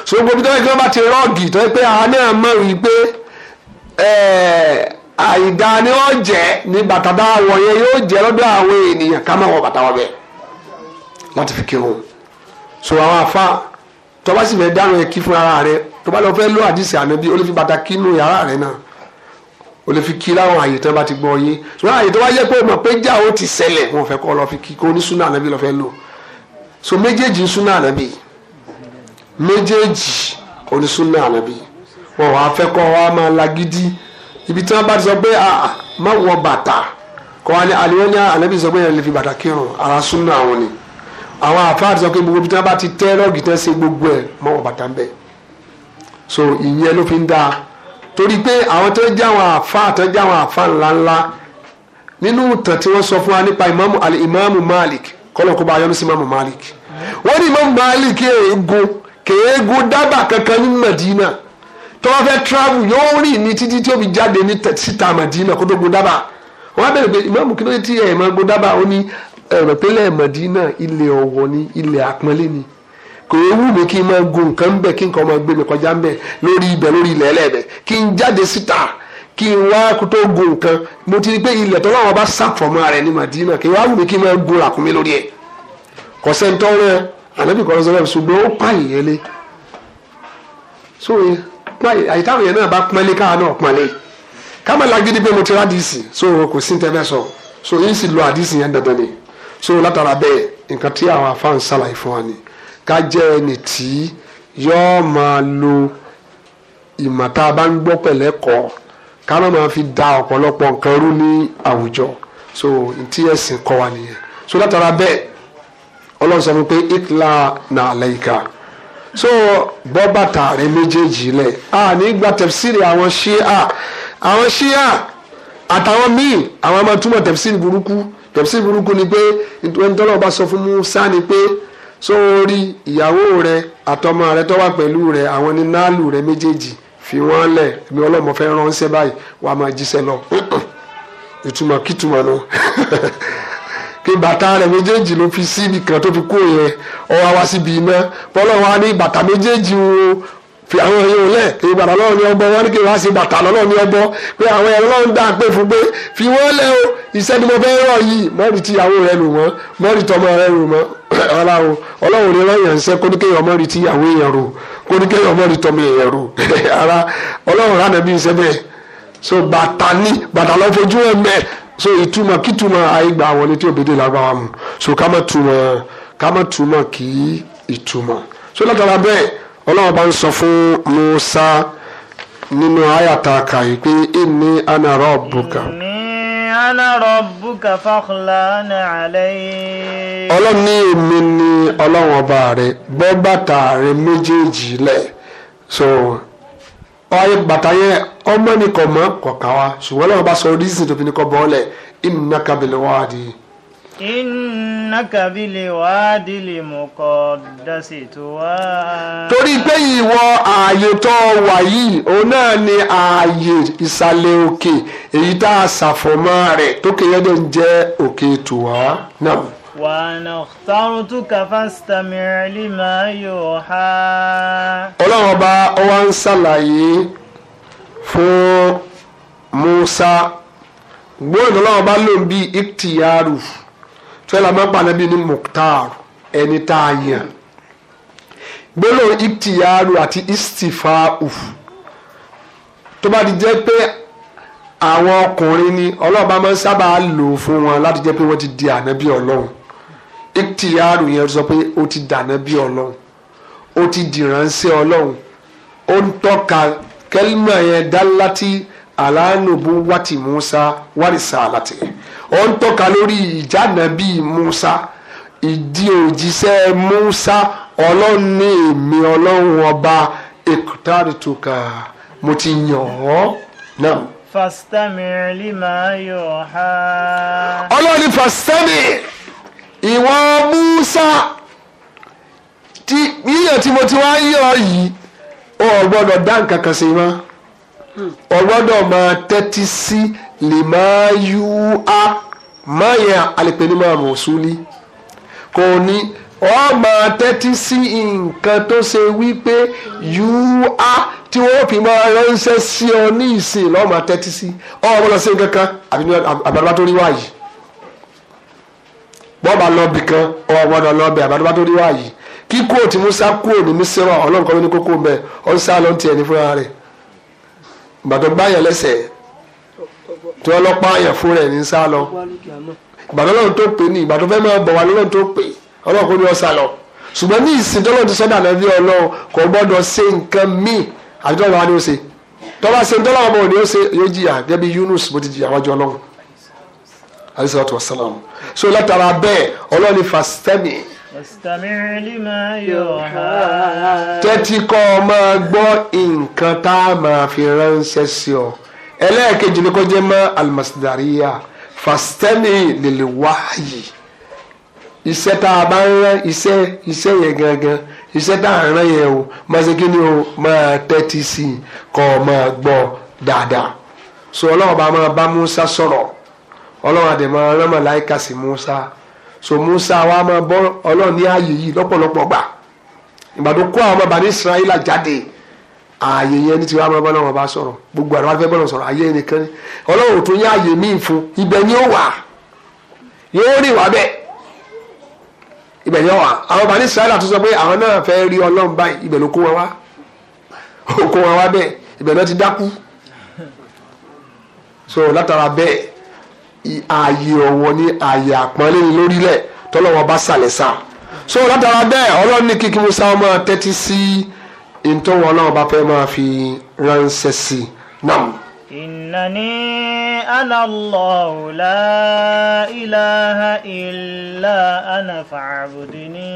so gbogbo tó yẹ kí wọ́n bá ti rọ́ọ̀gì tó yẹ pé àwọn náà mọ̀ wípé àìdá ni wọ́n jẹ́ ní bàtà dáwọ̀ yẹn yóò jẹ́ lọ́dọ̀ àwọn ènìyàn ká máa wọ bàtà wọn bẹ́ẹ̀ láti fi kírun so àwọn afa tó bá sì fẹ́ dáhùn ẹ kí fún ara rẹ tó bá lọ fẹ́ lọ àdìsí ànábì ó lè fi bàtà kínú yàrá rẹ náà o lè fi kí láwọn àyè tán bá ti gbọ́ yé ṣùgbọ́n àyè tó wá yẹ pé o pé jà ó ti ṣẹlẹ̀ wọn fẹ́ kọ́ lọ fi kí kó ní súnà ànábì lọ fẹ́ lò so méjèèjì súnà ànábì méjèèjì oní súnà ànábì wọn wàá fẹ́ kọ́ wa máa lagídí ibi tí wọ́n bá ti sọ pé a ah, ah, má wọ bàtà kọ́ wa ní àlewọ́n ní ah, ànábì sọ pé yẹn lè fi bàtà kírun ara súnà àwọn ni àwọn àfáà ti sọ pé gbogbo ibi tí wọ́n bá ti tẹ́ lọ́ọ̀gì tẹ́ ṣe gbogbo ẹ̀ má wọ bàtà ń bẹ̀ so ìyẹn ló fi ń dáa torí pé àwọn tó jẹ́ àwọn àfa tó jẹ́ àwọn àfa ńláńlá nínú ìtàn tí wọ́n sọ fún wa nípa ìmáàmù àlè ìmáàmù Malik kọ́lọ̀ kó bá yọ́nú sí ìmáàmù Malik wọ́n ní ìmáàmù Malik èègùn kèégùn dábà kankan ní Madina tó wọ́n fẹ́ travel yóò rìn ní títí tí ó fi jáde ní síta Madina kó tó gun dábà wọ́n á bẹ̀rẹ̀ pé ìmáàmù kí ló ti ẹ̀ máa gun dábà ó ní ẹ̀rọ Madina ilẹ̀ ọ̀wọ̀ ni ilẹ̀ àpọ́nlé ni kò wù mí kí n máa gun nǹkan ń bẹ kí nǹkan máa gbé mi kọjá ń bẹ lórí ibẹ̀ lórí ilẹ̀ ẹlẹ́bẹ̀ kí n jáde síta kí n wá tó gun nǹkan mo ti rí pé ilẹ̀ tó láwọn bá sàfọ̀mọ́ rẹ̀ ní Madina kí n wá wù mí kí n máa gun ràkúnmí lórí ẹ̀ kò sẹ́ńtọ́ rẹ̀ ànábì kọ́ lọ́sọ̀rọ̀ ṣùgbọ́n ó pààyàn yẹn lé so àyíkáwọ̀ yẹn náà bá pọ́nlé káwa náà pọ́nlé káma lagidi pé mo ti rá díìsì so kò sí tẹ́fẹ́ sọ so yìí sì lo àdíìsì yẹn dandan ni so látara bẹ́ẹ̀ nǹkan tí àwọn afáàn ṣàlàyé fún wa ni ká jẹ́ ẹni tí yọ́ọ́ máa lo ìmọ̀ tá a bá ń gbọ́ pẹ̀lẹ́kọ̀ ká máa fi da ọ̀pọ̀lọpọ̀ nǹkan rú ní àwùjọ so ntí ẹ̀sìn kọ́ wa nìyẹn so látara bẹ́ẹ̀ ọlọ́run sọ fún pé itla na alayka so bọ́ bàtà rẹ méjèèjì lẹ̀ a nígbà tẹ̀síìrì àwọn ṣíà àwọn ṣíà àtàwọn míì àwọn máa túmọ̀ tẹ̀síìrì burúkú tẹ̀síìrì burúkú ni pé ntọ́lọ́ba sọ fún Musa ni pé so orí ìyàwó rẹ àtọmọ rẹ tó wà pẹ̀lú rẹ àwọn ní náàlù rẹ méjèèjì fi wọ́n lẹ̀ mi ọlọ́mọ fẹ́ ránṣẹ́ báyìí wàá máa jíṣẹ́ lọ ìtumọ̀ kìtumọ̀ nù kí bàtà rẹ méjèèjì ló fi síbi kan tó fi kó yẹn ọwọ́ wá síbi iná bọ́lá wa ní bàtà méjèèjì o fi àwọn èèyàn lẹ̀ kí bàtà lọ́wọ́ ní ọbọ̀ wọn kí wọ́n á sì bàtà lọ́wọ́ ní ọbọ̀ pé àwọn èèyàn lọ́wọ́ dá pé fún pé fi wọ́n lẹ̀ o iṣẹ́ ni mo fẹ́ rọ̀ yìí mọ́rì tí ìyàwó rẹ lò wọ́n mọ́rì tọmọ rẹ lò wọ́n ọ̀la ọlọ́run ní ọlọ́run yẹn ń sẹ́ kóníkéyàn mọ́rì tí ìyàwó èèyàn rò kóníkéyàn mọ́rì tọmọ èèyàn rò ara ọlọ́run rà nàbí iṣẹ́ bẹ́ẹ̀ so bàtà ní bàtà lọ́ fojú ẹ̀ mẹ́ so ìtumọ̀ kìtumọ̀ àìgbà wọlé tí òbí dè lágbára mu so ká má túmọ̀ ká má túmọ̀ kí ìtumọ̀ so látara bẹ́ẹ̀ ọlọ́run bá ń Musa nínú àyàtà kà pé inni ana rabbuka. inni èmi ni ọlọ́run ọba rẹ bọ́ bàtà rẹ méjèèjì so ọyẹ bàtà yẹn ọmọ nìkan mọ́ kọ̀ọ̀kan wa ṣùgbọ́n bá sọ rízìn tó fi ní innaka bili wádìlì muqaddasi tuwa. torí pé ìwọ ààyè tó wà yìí òun náà ni ààyè ìsàlẹ̀ òkè èyí tá a ṣàfọ̀mọ́ rẹ̀ tó kéèyàn ló ń jẹ́ òkè tuwa náà. وأنا اخترتك فاستمع لما يوحى. ọlọ́run ọba ó wá ń ṣàlàyé fún Musa gbóòdù ọlọ́run ọba ló bí ìtìyàrú sọlá máa ń muktar anabi ní mukhtar ẹni tá a yàn gbólóhùn iktiyaru àti istifa'u tó bá ti jẹ́ pé àwọn ọkùnrin ni ọlọ́ọ̀bá máa ń sábà lò fún wọn láti jẹ́ pé wọ́n ti di ànábì ọlọ́run iktiyaru yẹn sọ pé ó ti dànábì ọlọ́run ó ti dìránṣẹ́ ọlọ́run ó ń tọ́ka kẹ́límà yẹn dálátì àlánùbù wàtí Musa wàrìsà àlàtì ó ń tọ́ka lórí ìjànàbí Musa ìdí òjíṣẹ́ Musa ọlọ́run ní èmi ọlọ́run ọba èkútàrí tuka mo ti yàn ọ́ náà. fàsítámì lima yóò ha. ọlọ́run fàsítámì ìwọ Musa tí yíyan tí mo ti wá yọ yìí o ò dá nǹkan kan sí i mọ́ o gbọ́dọ̀ máa tẹ́tí sí. Si Lima máa yẹ àlèpé ní máa mọ̀ọ́sùlì kò ní wọ́n máa tẹ́tí sí nǹkan tó ṣe wípé yúá tí wọ́n fi máa ránṣẹ́ sí ọ ní ìsìn lọ́wọ́ máa tẹ́tí sí ọ ọ lọ sí nǹkan kan àbí àbádọ́bá tó rí wáyìí bọ́ọ̀ bá lọ bì kan ọ ọ gbọ́dọ̀ lọ bẹ àbádọ́bá tó rí wáyìí kíkú òtí musa kú òní mísírọ̀ ọlọ́run ló ní kókó mbẹ ọ̀n sá lọ́n tiẹ̀ ní fúnra rẹ̀ ìbàdàn báyọ̀ lẹ́sẹ̀ tí wọ́n lọ pààyàn fún rẹ̀ ní sá lọ ìbàdàn lọ́run tó pè ní ìbàdàn fẹ́ máa bọ̀ wá lọ́run tó pè ọlọ́run kò ní ọ̀sà lọ ṣùgbọ́n ní ìsìn tọ́lọ́run ti sọ́dà lẹ́bí ọlọ́run kò gbọ́dọ̀ ṣe nǹkan míì àti tọ́lọ́run wa ni ó ṣe tọ́lá ṣe tọ́lọ́run ọmọ òní ó ṣe yóò jìyà gẹ́bí Yunus bó ti jìyà wájú ọlọ́run alisalaatu wasalaam so látara bẹ́ẹ̀ ọlọ́run ni fastami. fastami lima yuha. tẹ́tí kọ́ ọ máa gbọ́ nǹkan tá a máa fi ránṣẹ́ sí ọ ẹlẹ́ẹ̀kejì ni kò jẹ́ mọ́ almasdariya fastemi lèlè wáyé iṣẹ́ tá a bá ń rán iṣẹ́ iṣẹ́ yẹn gangan iṣẹ́ tá a rán yẹn o máa ni o máa tẹ́tí sí i kọ́ ọ máa gbọ́ dáadáa so ọlọ́run bá máa bá Musa sọ̀rọ̀ ọlọ́run àdè máa rán màláìka sí Musa so Musa wa máa bọ́ ọlọ́run ní ààyè yìí lọ́pọ̀lọpọ̀ gbà ìgbà tó kó àwọn ọmọ bá Israẹla jáde ààyè yẹn ní tiwa máa bọ́ lọ́wọ́ bá sọ̀rọ̀ gbogbo àdàbà fẹ́ bọ́lọ̀ sọ̀rọ̀ ààyè nìkan ni ọlọ́run tó yẹ ààyè míì fún ibẹ̀ ni ó wà yóò rìn wá bẹ́ẹ̀ ibẹ̀ ni ó wà àwọn bàbá ní Israẹli pé àwọn náà fẹ́ rí ọlọ́run báyìí ibẹ̀ ló kó wọn wá ó kó wọn wá bẹ́ẹ̀ ibẹ̀ náà ti dákú so látara bẹ́ẹ̀ ààyè ọ̀wọ̀ ni ààyè àpọ́nlé ni lórílẹ̀ tọ́lọ́wọ́ bá sàlẹ̀ sá so látara bẹ́ẹ̀ ọlọ́run ní kíkí Musa ọmọ tẹ́tí sí i ntọ́wọ́ ọlọ́run bá fẹ́ máa fi ránṣẹ́ sí i náà. ìnáni anallahu la ilaha illa ana fa'budini.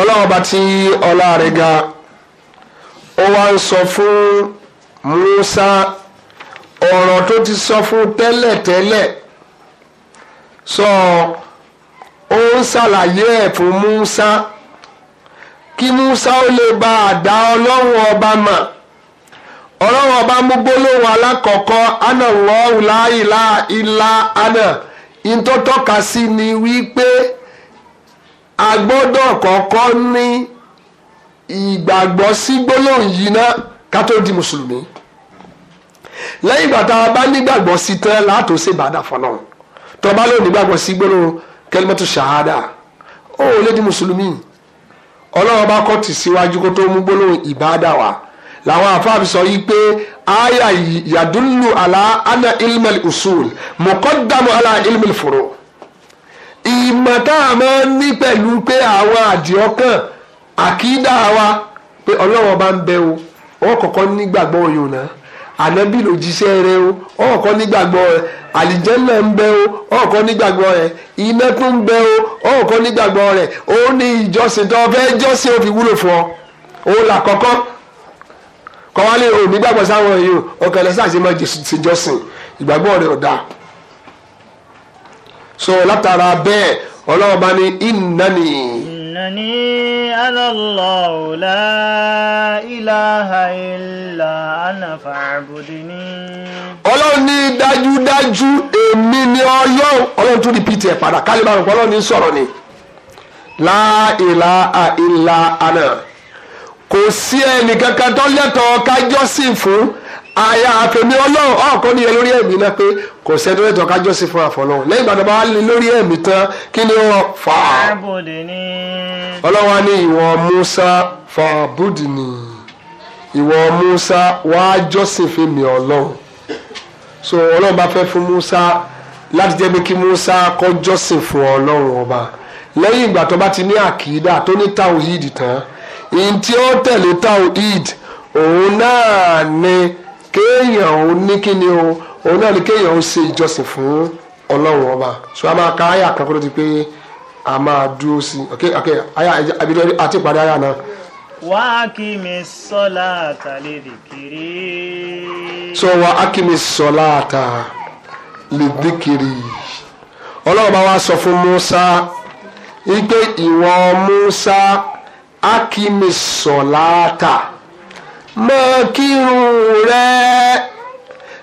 ọlọ́run bá tí ọlá rẹ̀ ga ó wá ń sọ fún Musa ọ̀rọ̀ tó ti sọ fún tẹ́lẹ̀tẹ́lẹ̀ sọ ó ń ṣàlàyé ẹ̀ fún Musa. So, kí Musa ó lè bá a dá ọlọ́run ọba mọ̀ ọlọ́run ọba mú gbólóhùn alákọ̀ọ́kọ́ ana Allahu la ilaha illa ana ìtọ́tọ́ka sí ni wípé a gbọ́dọ̀ kọ́kọ́ ní ìgbàgbọ́ sí gbólóhùn yìí ná ká tó di mùsùlùmí lẹ́yìn ìgbà tá a bá nígbàgbọ́ sí tán láàtò ṣe bàdà fọlọ́ tó bá lóun sí gbólóhùn kẹlẹ́mọ́tò ṣàhádà ó lè di mùsùlùmí yìí ọlọ́run bá kọ́ tì síwájú kó tó mú gbólóhùn ìbáadà wá làwọn àfáàbí sọ yìí pé aya yadulu ala ana ilmal usul mọ̀kọ́dàmú ala ilmal furu ìmọ̀ tá a máa ń ní pẹ̀lú pé àwọn àdìọ́kàn àkídà wa pé ọlọ́run bá ń bẹ o wọ́n nígbàgbọ́ òyìn náà ànábì ló jíṣẹ́ rẹ o ọ̀ọ̀kọ́ nígbàgbọ́ rẹ àlìjẹ́lẹ̀ ń bẹ o ọ̀ọ̀kọ́ nígbàgbọ́ rẹ iná tún ń bẹ o ọ̀ọ̀kọ́ nígbàgbọ́ rẹ ó ní ìjọsìn tó fẹ́ jọ́sìn ó fi wúlò fún ọ òun là kọ́kọ́ kọ́wálé o nígbàgbọ́ sáwọn yìí o ọkàn lọ sáà sí máa ṣèjọsìn ìgbàgbọ́ rẹ ọ̀dà so látara bẹ́ẹ̀ ọlọ́ọ̀bá ní ìnáni. أنني أنا الله لا إله إلا أنا فاعبدني. ọlọ́run ní dájúdájú èmi ni ọlọ́run ọlọ́run tún repeat ẹ̀ padà káyọ̀ bá rò pé ọlọ́run ní sọ̀rọ̀ ni la ilaha illa ana kò sí ẹnì kankan tó lẹ́tọ̀ọ́ ká jọ́sìn fún àyà àfẹ̀mí ọlọ́run ọ̀kan lórí ẹ̀mí náà pé kò sẹ́ni wẹ́tọ̀ kájọ́ sí fún àfọlọ́hún lẹ́yìn ìgbà tó bá lè lórí ẹ̀mí tán kí ni ó fà á. ọlọ́wà ní ìwọ Musa fàbùdì ni ìwọ Musa wàá jọ́sìn fún mi ọlọ́run so ọlọ́run bá fẹ́ fún Musa láti jẹ́ bí kí Musa kọ́ jọ́sìn fún ọlọ́run ọba lẹ́yìn ìgbà tó bá ti ní àkìdá tó ní tawhid tán ìyìn tí ó tẹ̀lé tawhid òun náà ni kéèyàn òun ní kí ni o. òun náà ni kéèyàn ó ṣe ìjọsìn fún ọlọ́run ọba so a máa ka aya kan kó ló ti pé a máa dúró sí ok ok àyà àbídọ́ àti ìparí aya náà. wà á kí mi sọ́lá àtàlẹ́ dìkìrì. sọ wà á kí mi sọ́lá àtà lè dìkìrì ọlọ́run bá wa sọ fún Musa wípé ìwọ Musa á kí mi sọ́lá àtà mọ́ kírun rẹ̀.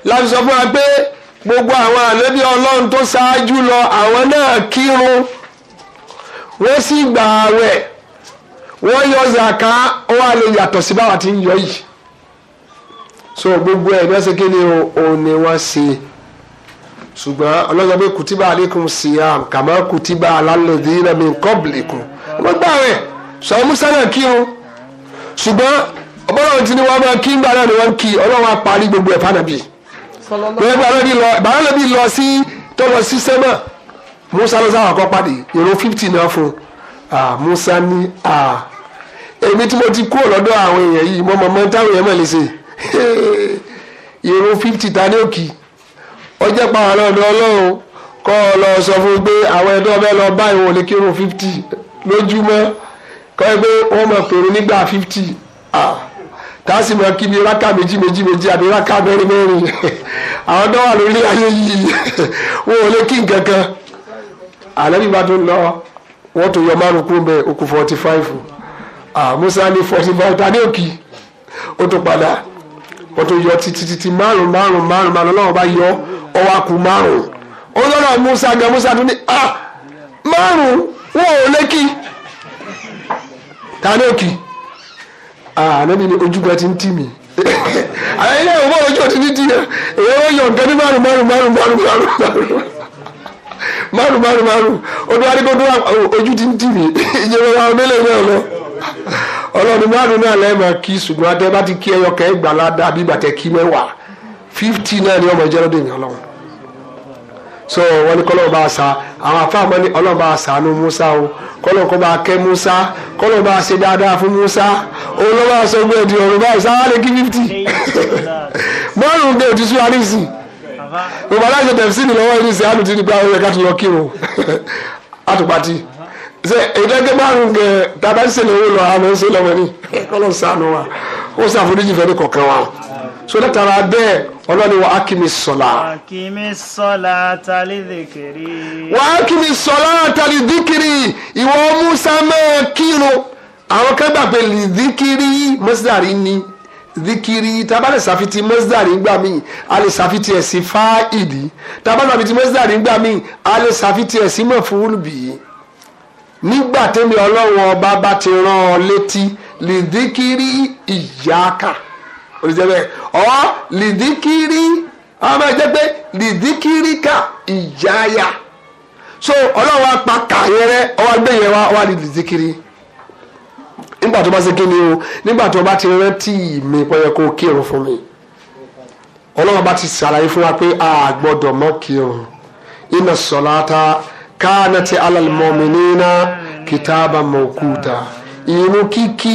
láti sọ fún wa pé gbogbo àwọn ànábì ọlọ́run tó ṣáájú lọ àwọn náà kírun wọ́n sì gbà àwẹ̀ wọ́n yọ zàká ó wà lè yàtọ̀ sí báwa ti ń yọ yìí so gbogbo ẹ̀ bẹ́ẹ̀ ṣe kí ni òun ni wọ́n ṣe ṣùgbọ́n ọlọ́sọ pé kùtìbà alaykum siyam kàmá kùtìbà alladhina min qablikum wọ́n gbà rẹ̀ sọ musa náà kí o ṣùgbọ́n ọmọlọ́run ti ní wọ́n máa kí ń gbà náà ni wọ́n ń kí ọlọ́run á parí gbogbo ẹ̀ fànàbí gbẹgbẹ alẹ́ bí lọ ìbára lẹ́ bí lọ sí tó lọ sí sẹ́mà Musa lọ sáwọn akọ́ èrò fifty náà fún Musa ní èmi tí mo ti kú ọ̀lọ́dọ̀ àwọn èèyàn yìí mo mọ̀ mọ́ táwọn èèyàn mọ̀ lè ṣe èrò fifty ta ní òkì ọjọ́ pa àwọn ọ̀dọ́ Ọlọ́run kọ́ ọ lọ sọ fún un pé àwọn ẹ̀dọ́ ọbẹ̀ lọ bá ìwọ̀n lè kírun fifty lójúmọ́ kọ́ ẹ pé wọ́n mọ̀ pèrò nígbà fifty. Ah káàsì máa kí bí rákà méjì méjì méjì àbí rákà mẹ́rin mẹ́rin àwọn tó wà lórí ayé yìí wọn ò lè kí nǹkan kan àlẹ́bí bá tún lọ wọ́n tún yọ márùn kúrò bẹ́ẹ̀ okùn forty five musa ní forty five ta ní òkì ó tún padà wọ́n tún yọ títí títí márùn márùn márùn márùn ọlọ́run bá yọ ọwọ́ àkú márùn ó lọ́nà musa gan musa tún ní ah márùn wọn ò lè kí ta òkì. Ah, ànábi ni ojúgbà ti ń tì mí àyè ilé ìwọ ojú ọtí ní tiẹ èyí ó yọ nǹkan ní márùn márùn márùn márùn márùn márùn márùn márùn odò adigundu ojú ti ń tì mí ìjẹun wa ọdẹlẹ náà lọ ọlọ́run márùn náà lẹ́yìn máa kí ṣùgbọ́n adé bá ti kí ẹyọ kẹ́ gbàlá dàbí gbàtẹ́ kí mẹ́wàá fífítì náà ni ọmọ ìjẹ́rọ́dẹ̀ yẹn ọlọ́run so wọn ní kọlọ́ọ̀ bá sa àwọn afáàmọ́ ní ọlọ́ọ̀ bá sànú Musa o kọlọ́ọ̀ kọ́ bá kẹ́ Musa kọlọ́ọ̀ bá ṣe dáadáa fún Musa òun ló bá sọ gbé di ọ̀rọ̀ báyìí sáwá lè kí fífitì márùn-ún dé òtútù àríṣì bàbá aláṣẹ tẹ̀sí ni lọ́wọ́ ìrísí àlùtí ní gbà wọlé káàtó lọ kí o àtùpàtì ṣe ìdẹ́gẹ́ márùn-ún gẹ̀ tàbá ń ṣe lọ́wọ́ lọ àmọ́ ń ṣe lọ́wọ́ ní kọlọ́ọ̀ sànú wa ó ṣàforíjì fẹ́ẹ́ so látara bẹ́ẹ̀ ọlọ́ni wa akimi sọ̀la. wa akimi sọ̀la tali dìkìrì. wa akimi sọ̀la tali dìkìrì ìwọ musa máa kírun àwọn kẹgbà pé dìkìrì mọ́sídàrí ni dikiri. tábà lè ṣàfitì mọ́sídàrí gbà mí a lè ṣàfitì ẹ̀ sí fáìdì tábà lè ṣàfitì mọ́sídàrí gbà mí a lè ṣàfitì ẹ̀ sí mọ̀fúlùbì nígbà tẹ́mi ọlọ́run ọba bá ti rán ọ létí lè dìkìrì ìyáka. ó bẹ́ẹ̀ ọ́ lìdíkírí àwọn máa jẹ́ pé lìdíkíríkà so ọlọ́wọ́ apá kàyẹrẹ ọwọ́ agbẹ́yẹ wa wà ní lìdíkírí nígbà tó bá ṣe kí ni o nígbà tó bá ti rántí mi pẹ́yẹ kó kírun fún mi bá ti ṣàlàyé fún wa pé a gbọ́dọ̀ mọ́ kírun iná ti kìtàbà kíkí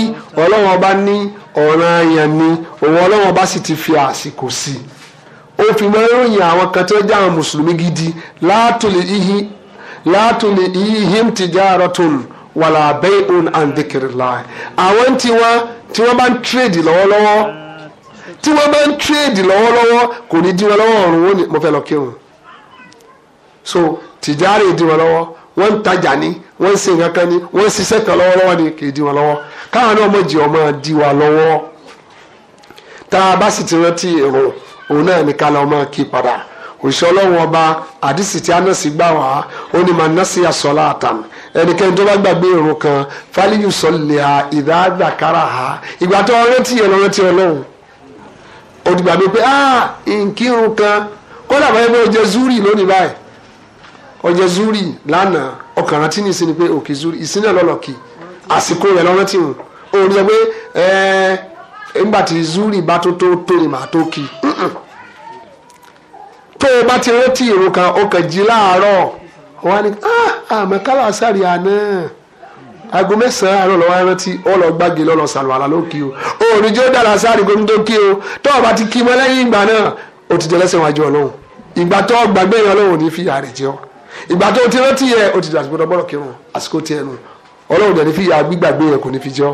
ní ọ̀ràn yẹn ni òun ọlọ́wọ́n bá sì ti fi àsìkò sí i ó fi mọ́ ìròyìn àwọn kan tó jẹ́ àwọn mùsùlùmí gidi látòlè ihi látòlè ihim tijaratun wàlà bay'un an dhikrillah àwọn tí wọ́n tí wọ́n bá ń tírèdì lọ́wọ́lọ́wọ́ tí wọ́n bá ń tírèdì lọ́wọ́lọ́wọ́ kò ní dí wọn lọ́wọ́ ọ̀run wọn ni mo fẹ́ lọ kírun so tìjáre dí wọn lọ́wọ́ wọ́n ń tajà ní wọ́n ń ṣe nǹkan kan ni wọ́n ń ṣiṣẹ́ kan lọ́wọ́lọ́wọ́ ni kì í di wọn lọ́wọ́ káwọn náà mọ̀jì ọmọ di wa lọ́wọ́ tá a bá sì ti rántí èrò òun náà ní ká lọ́ mọ́ kí padà òṣìṣẹ́ ọlọ́run ọba àdìsí tí anásì gbà wá ó ní màá násì àsọlá àtàm ẹnikẹ́ni tó bá gbàgbé ìrun kan fálíyù sọlẹ̀ à ìdá àgbàkárà ha ìgbà tó rántí ẹ̀ lọ́rántí ọlọ́run ó ti gbàgbé pé ah nkírun kan kódà báyìí bó jẹ zúrì lónìí báyìí ọjọ́ zuri lánàá ọkàn rántí ní ìsinmi pé òkè zuri ìsinmi ọlọ́lọ́kì àsìkò rẹ̀ lọ́rọ́ tì wọ́n òun ni pé ẹ̀ẹ́ ńgbà tí zuri bá tó tó tó ni màá tó kì tó o bá ti rántí ìrò kan o kàn jí láàárọ̀ wọn á ní àmọ́ ah, kálá àná aago mẹ́sàn-án àárọ̀ lọ́wọ́ rántí ọlọ́ gbàgé lọ́lọ́ sàlùwàlà lókì o òòrùn jẹ́ ó dára sáré gómìnà kí o tó o bá ti kí mọ́ lẹ́yìn ìgbà náà o ti jẹ́ lẹ́sẹ̀ wájú ọlọ́run ìgbà tó o yẹn ọlọ́run ò ní fi ààrẹ jẹ́ ọ́ ìgbà tó ti rántí yẹ o ti dàsìkò lọ́gbọ́dọ̀ kírun àsìkò tiẹ̀ nù ọlọ́run dẹ̀ ní fi yà gbígbàgbé yẹ kò ní fi jọ́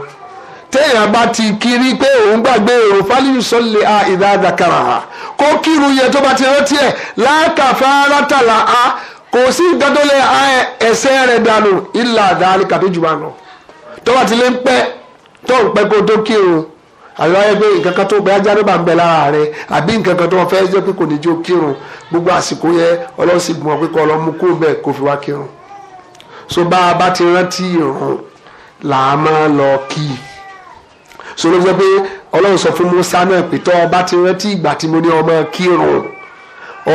téèyàn bá ti kiri pé òun gbàgbé òun fáliyù sọ́lé a ìdá àdàkàrà ha kó kírun yẹ tó bá ti rántí ẹ̀ látàfà látàlà a kò sí ìdádólẹ̀ a ẹ̀sẹ̀ rẹ̀ dànù ìlà àdáhàlì kàbíjùmá nù tó bá ti lé ń pẹ́ tó ń pẹ́ kó tó kírun àríwá yẹ pé nǹkan kan tó gbé ajá ló bá ń bẹ lára rẹ àbí nǹkan kan tó wọn fẹ́ jẹ́ pé kò ní jó kírun gbogbo àsìkò yẹ ọlọ́run sì gbọ́n pé kọ́ ọlọ́run mú kó bẹ́ẹ̀ kó fi wá kírun so bá a bá ti rántí ìrun là á máa lọ kí i so ló jẹ́ pé ọlọ́run sọ fún Musa náà pé tọ́ ọba ti rántí ìgbà tí mo ní ọmọ kírun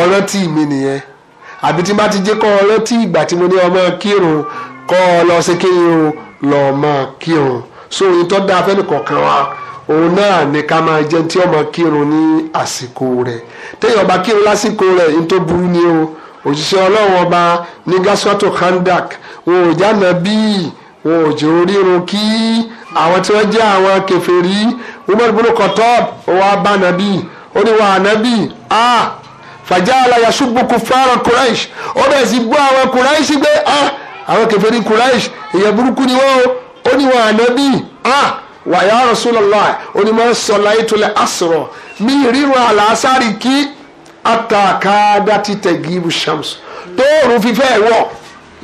ọrántí mi nìyẹn àbí tí bá ti jẹ́ kọ́ ọrántí ìgbà tí mo ní ọmọ kírun kọ́ ọ lọ sí kírun lọ́ọ́ máa kírun so ìtọ́ da afẹ́nukọ̀ọ̀kan wa òun náà ni ká máa jẹ tí ọmọ kírun ní àsìkò rẹ̀ téèyàn bá kírun lásìkò rẹ̀ ní tó burú ni o òṣìṣẹ́ ọlọ́run ọba ní gasuato khandak wọn ò jáná bíi wọn ò jẹ́ orírun kí àwọn tí wọ́n jẹ́ àwọn kèfèrí umar bin Khattab wọ́n á bá nàbí ó ní a fàjà àlàyé ṣubúkú fara Quraish ó bẹ̀rẹ̀ sí gbọ́ àwọn Quraish gbé a àwọn kèfèrí kuraish èèyàn burúkú ni wọ́n ó ní wọ́n a wàyà Rasulullah onímọ̀ sọláyé tó lẹ̀ asọ̀rọ̀ mi ríran àlàásárì kí àtàkàdá ti tẹ̀ gíbu shams tóòrùn fífẹ́ wọ̀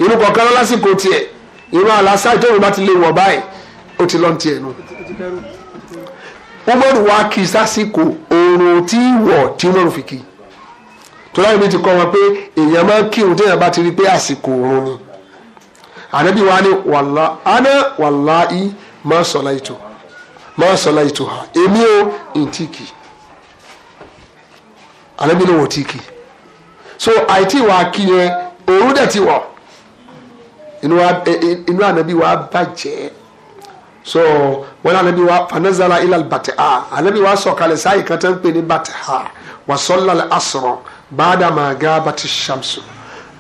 irú kọ̀ọ̀kan lásìkò tiẹ̀ irú àlàásárì tóòrùn bá ti lè wọ̀ báyìí ó ti lọ́n tiẹ̀ nù. Umaru wa kì í sásìkò oòrùn tí wọ̀ tí Umaru fi kì í tọ́láyé mi ti kọ́ wọn pé èèyàn máa ń kírun téèyàn bá ti rí pé àsìkò oòrùn ni àdébíwá ni wàlá àná wàlá í máa sọ̀lá ètò máa sọlá ètò ha èmi ò ntìkì àlẹ́bí ló wọ̀ tiki so àìtí wa kí yẹn òru dẹ̀ ti wọ̀ inú ànábì wàá bàjẹ́ so wọn ànábì wa fanazala ilal bàtẹ́ ha ànábì wa sọ̀kalẹ̀ sáyé kan tẹ́ ń pè ní bàtẹ́ ha wàsọ́lá asọ̀rọ̀ bàdà màgá bàtẹ́ sàmsù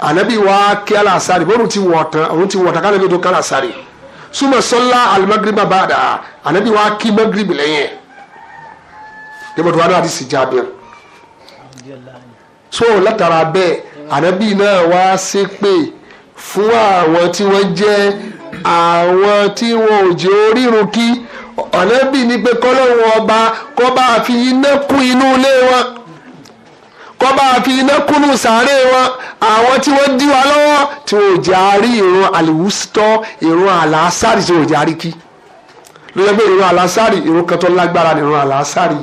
ànábì wàá kí alásàrì bọ́ọ̀rù ti wọ̀ tán òun ti wọ̀ tán kálẹ̀ bí o tó kálásàrì. Suma sọ́lá alimagiriba báadà ànábì wa kí magiribi lẹ́yìn dèbòtò wàdà àti sìjábìr so látara bẹ́ẹ̀ ànábì náà wá pe fún àwọn tí wọ́n jẹ́ àwọn tí wọn ò jẹ́ orírun kí ànábì ní pé kọ́lọ́hún ọba kọ́ bá iná kún inú ilé wọn kọ́ba fi iná kúnnù sàárè wọn àwọn tí wọ́n dí wa lọ́wọ́ tí wọ́n ò jẹ́ àárí ìrun àlìwúsítọ́ ìrun àlàásárì tí wọ́n ò jẹ́ àárí kí ló yẹ pé ìrun àlàásárì ìrun kan tó lágbára ni ìrun àlàásárì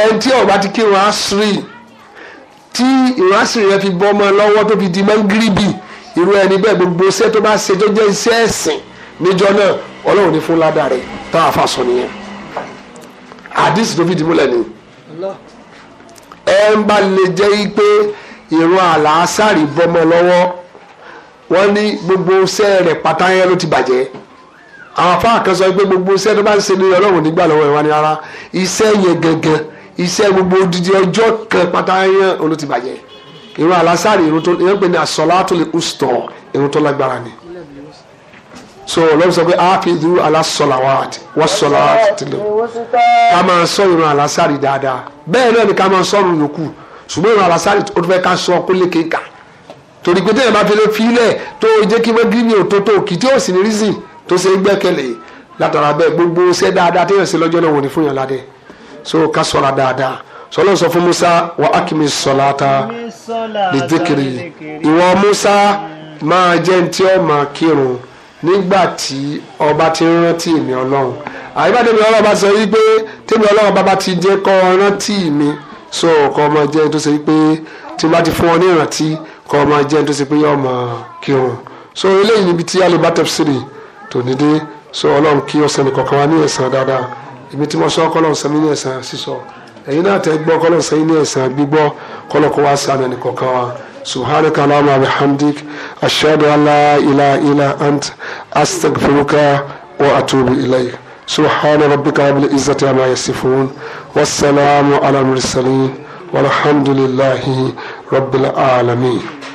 ẹni tí ọba ti kírun àṣírí tí ìrun àṣírí rẹ fi bọ́ ọmọ lọ́wọ́ tó fi di mọ́ngíríbì irú ẹni bẹ́ẹ̀ gbogbo iṣẹ́ tó bá ṣe tó jẹ́ iṣẹ́ ẹ̀sìn níjọ náà ọlọ́run ní fún ládàá rẹ̀ tá fà sọ nìyẹn àdìsí tó fi dìmúlẹ̀ nìyẹn ẹ ń bá lè jẹ́ yí pé ìrun àlàásàrì bọ́mọ lọ́wọ́ wọ́n ní gbogbo iṣẹ́ rẹ̀ pátá yẹn ló ti bàjẹ́ àwọn afáà kan sọ pé gbogbo iṣẹ́ tó bá ń ṣe ní ọlọ́run nígbà lọ́wọ́ ìwà ni rárá iṣẹ́ yẹn gangan iṣẹ́ gbogbo odidi ọjọ́ kan pátá ló ti bàjẹ́ ìrun àlàásàrì ìrun tó yẹn pè ní àsọlá tó lè kú sùtọ̀ ìrun tó lágbára ni so ọlọ́run sọ pé ákìdú alásọ̀làwàt wọ́sọ̀làwàt tilẹ̀ ká máa sọ ìran alásàrì dáadáa bẹ́ẹ̀ náà ni ká máa sọ ìrun yòókù ṣùgbọ́n ìran alásàrì ó tún fẹ́ ká sọ kólé kéka torí pé téèyàn bá fi lè filẹ̀ tó jẹ́ kí wọ́n gírí òtótó kì tí ó sì ní rísì tó ṣe gbẹ́kẹ̀lé látara bẹ́ẹ̀ gbogbo ṣẹ́ dáadáa téèyàn ṣe lọ́jọ́ náà wò ní fún yàn ládẹ́ so ká sọ̀ra dáadáa sọlọ́n sọ fún musa wa akimi sọláta lè dékiri ìwọ musa máa jẹ́ ntí ọ máa kírun nígbà tí ọba ti ń rántí mi ọlọ́run àyíbáde mi ọlọ́run bá sọ wípé tèmi ọlọ́run bàbá ti jẹ́ kọ́ rántí mi so kọ́ ọmọ jẹ́ tó ṣe pé tí bá ti fún ọ ní ìrántí kọ́ ọmọ jẹ́ tó ṣe pé yọ ọmọ kírun so eléyìí níbi tí alẹ́ bá tẹ̀síìrì tò ní dé so ọlọ́run kí ọ̀sẹ̀ nìkọ̀ọ̀kan wa ní ẹ̀san dáadáa èmi tí mo sọ kọ́lọ́run sẹ́mi ní ẹ̀san sísọ ẹ̀yin náà tẹ́ gbọ́ kọ́lọ́run sẹ́yìn ní ẹ̀san gbígbọ́ kọ́lọ́kọ́ wa sànà سبحانك اللهم وبحمدك أشهد أن لا إله إلا أنت أستغفرك وأتوب إليك سبحان ربك رب العزة عما يصفون والسلام على المرسلين والحمد لله رب العالمين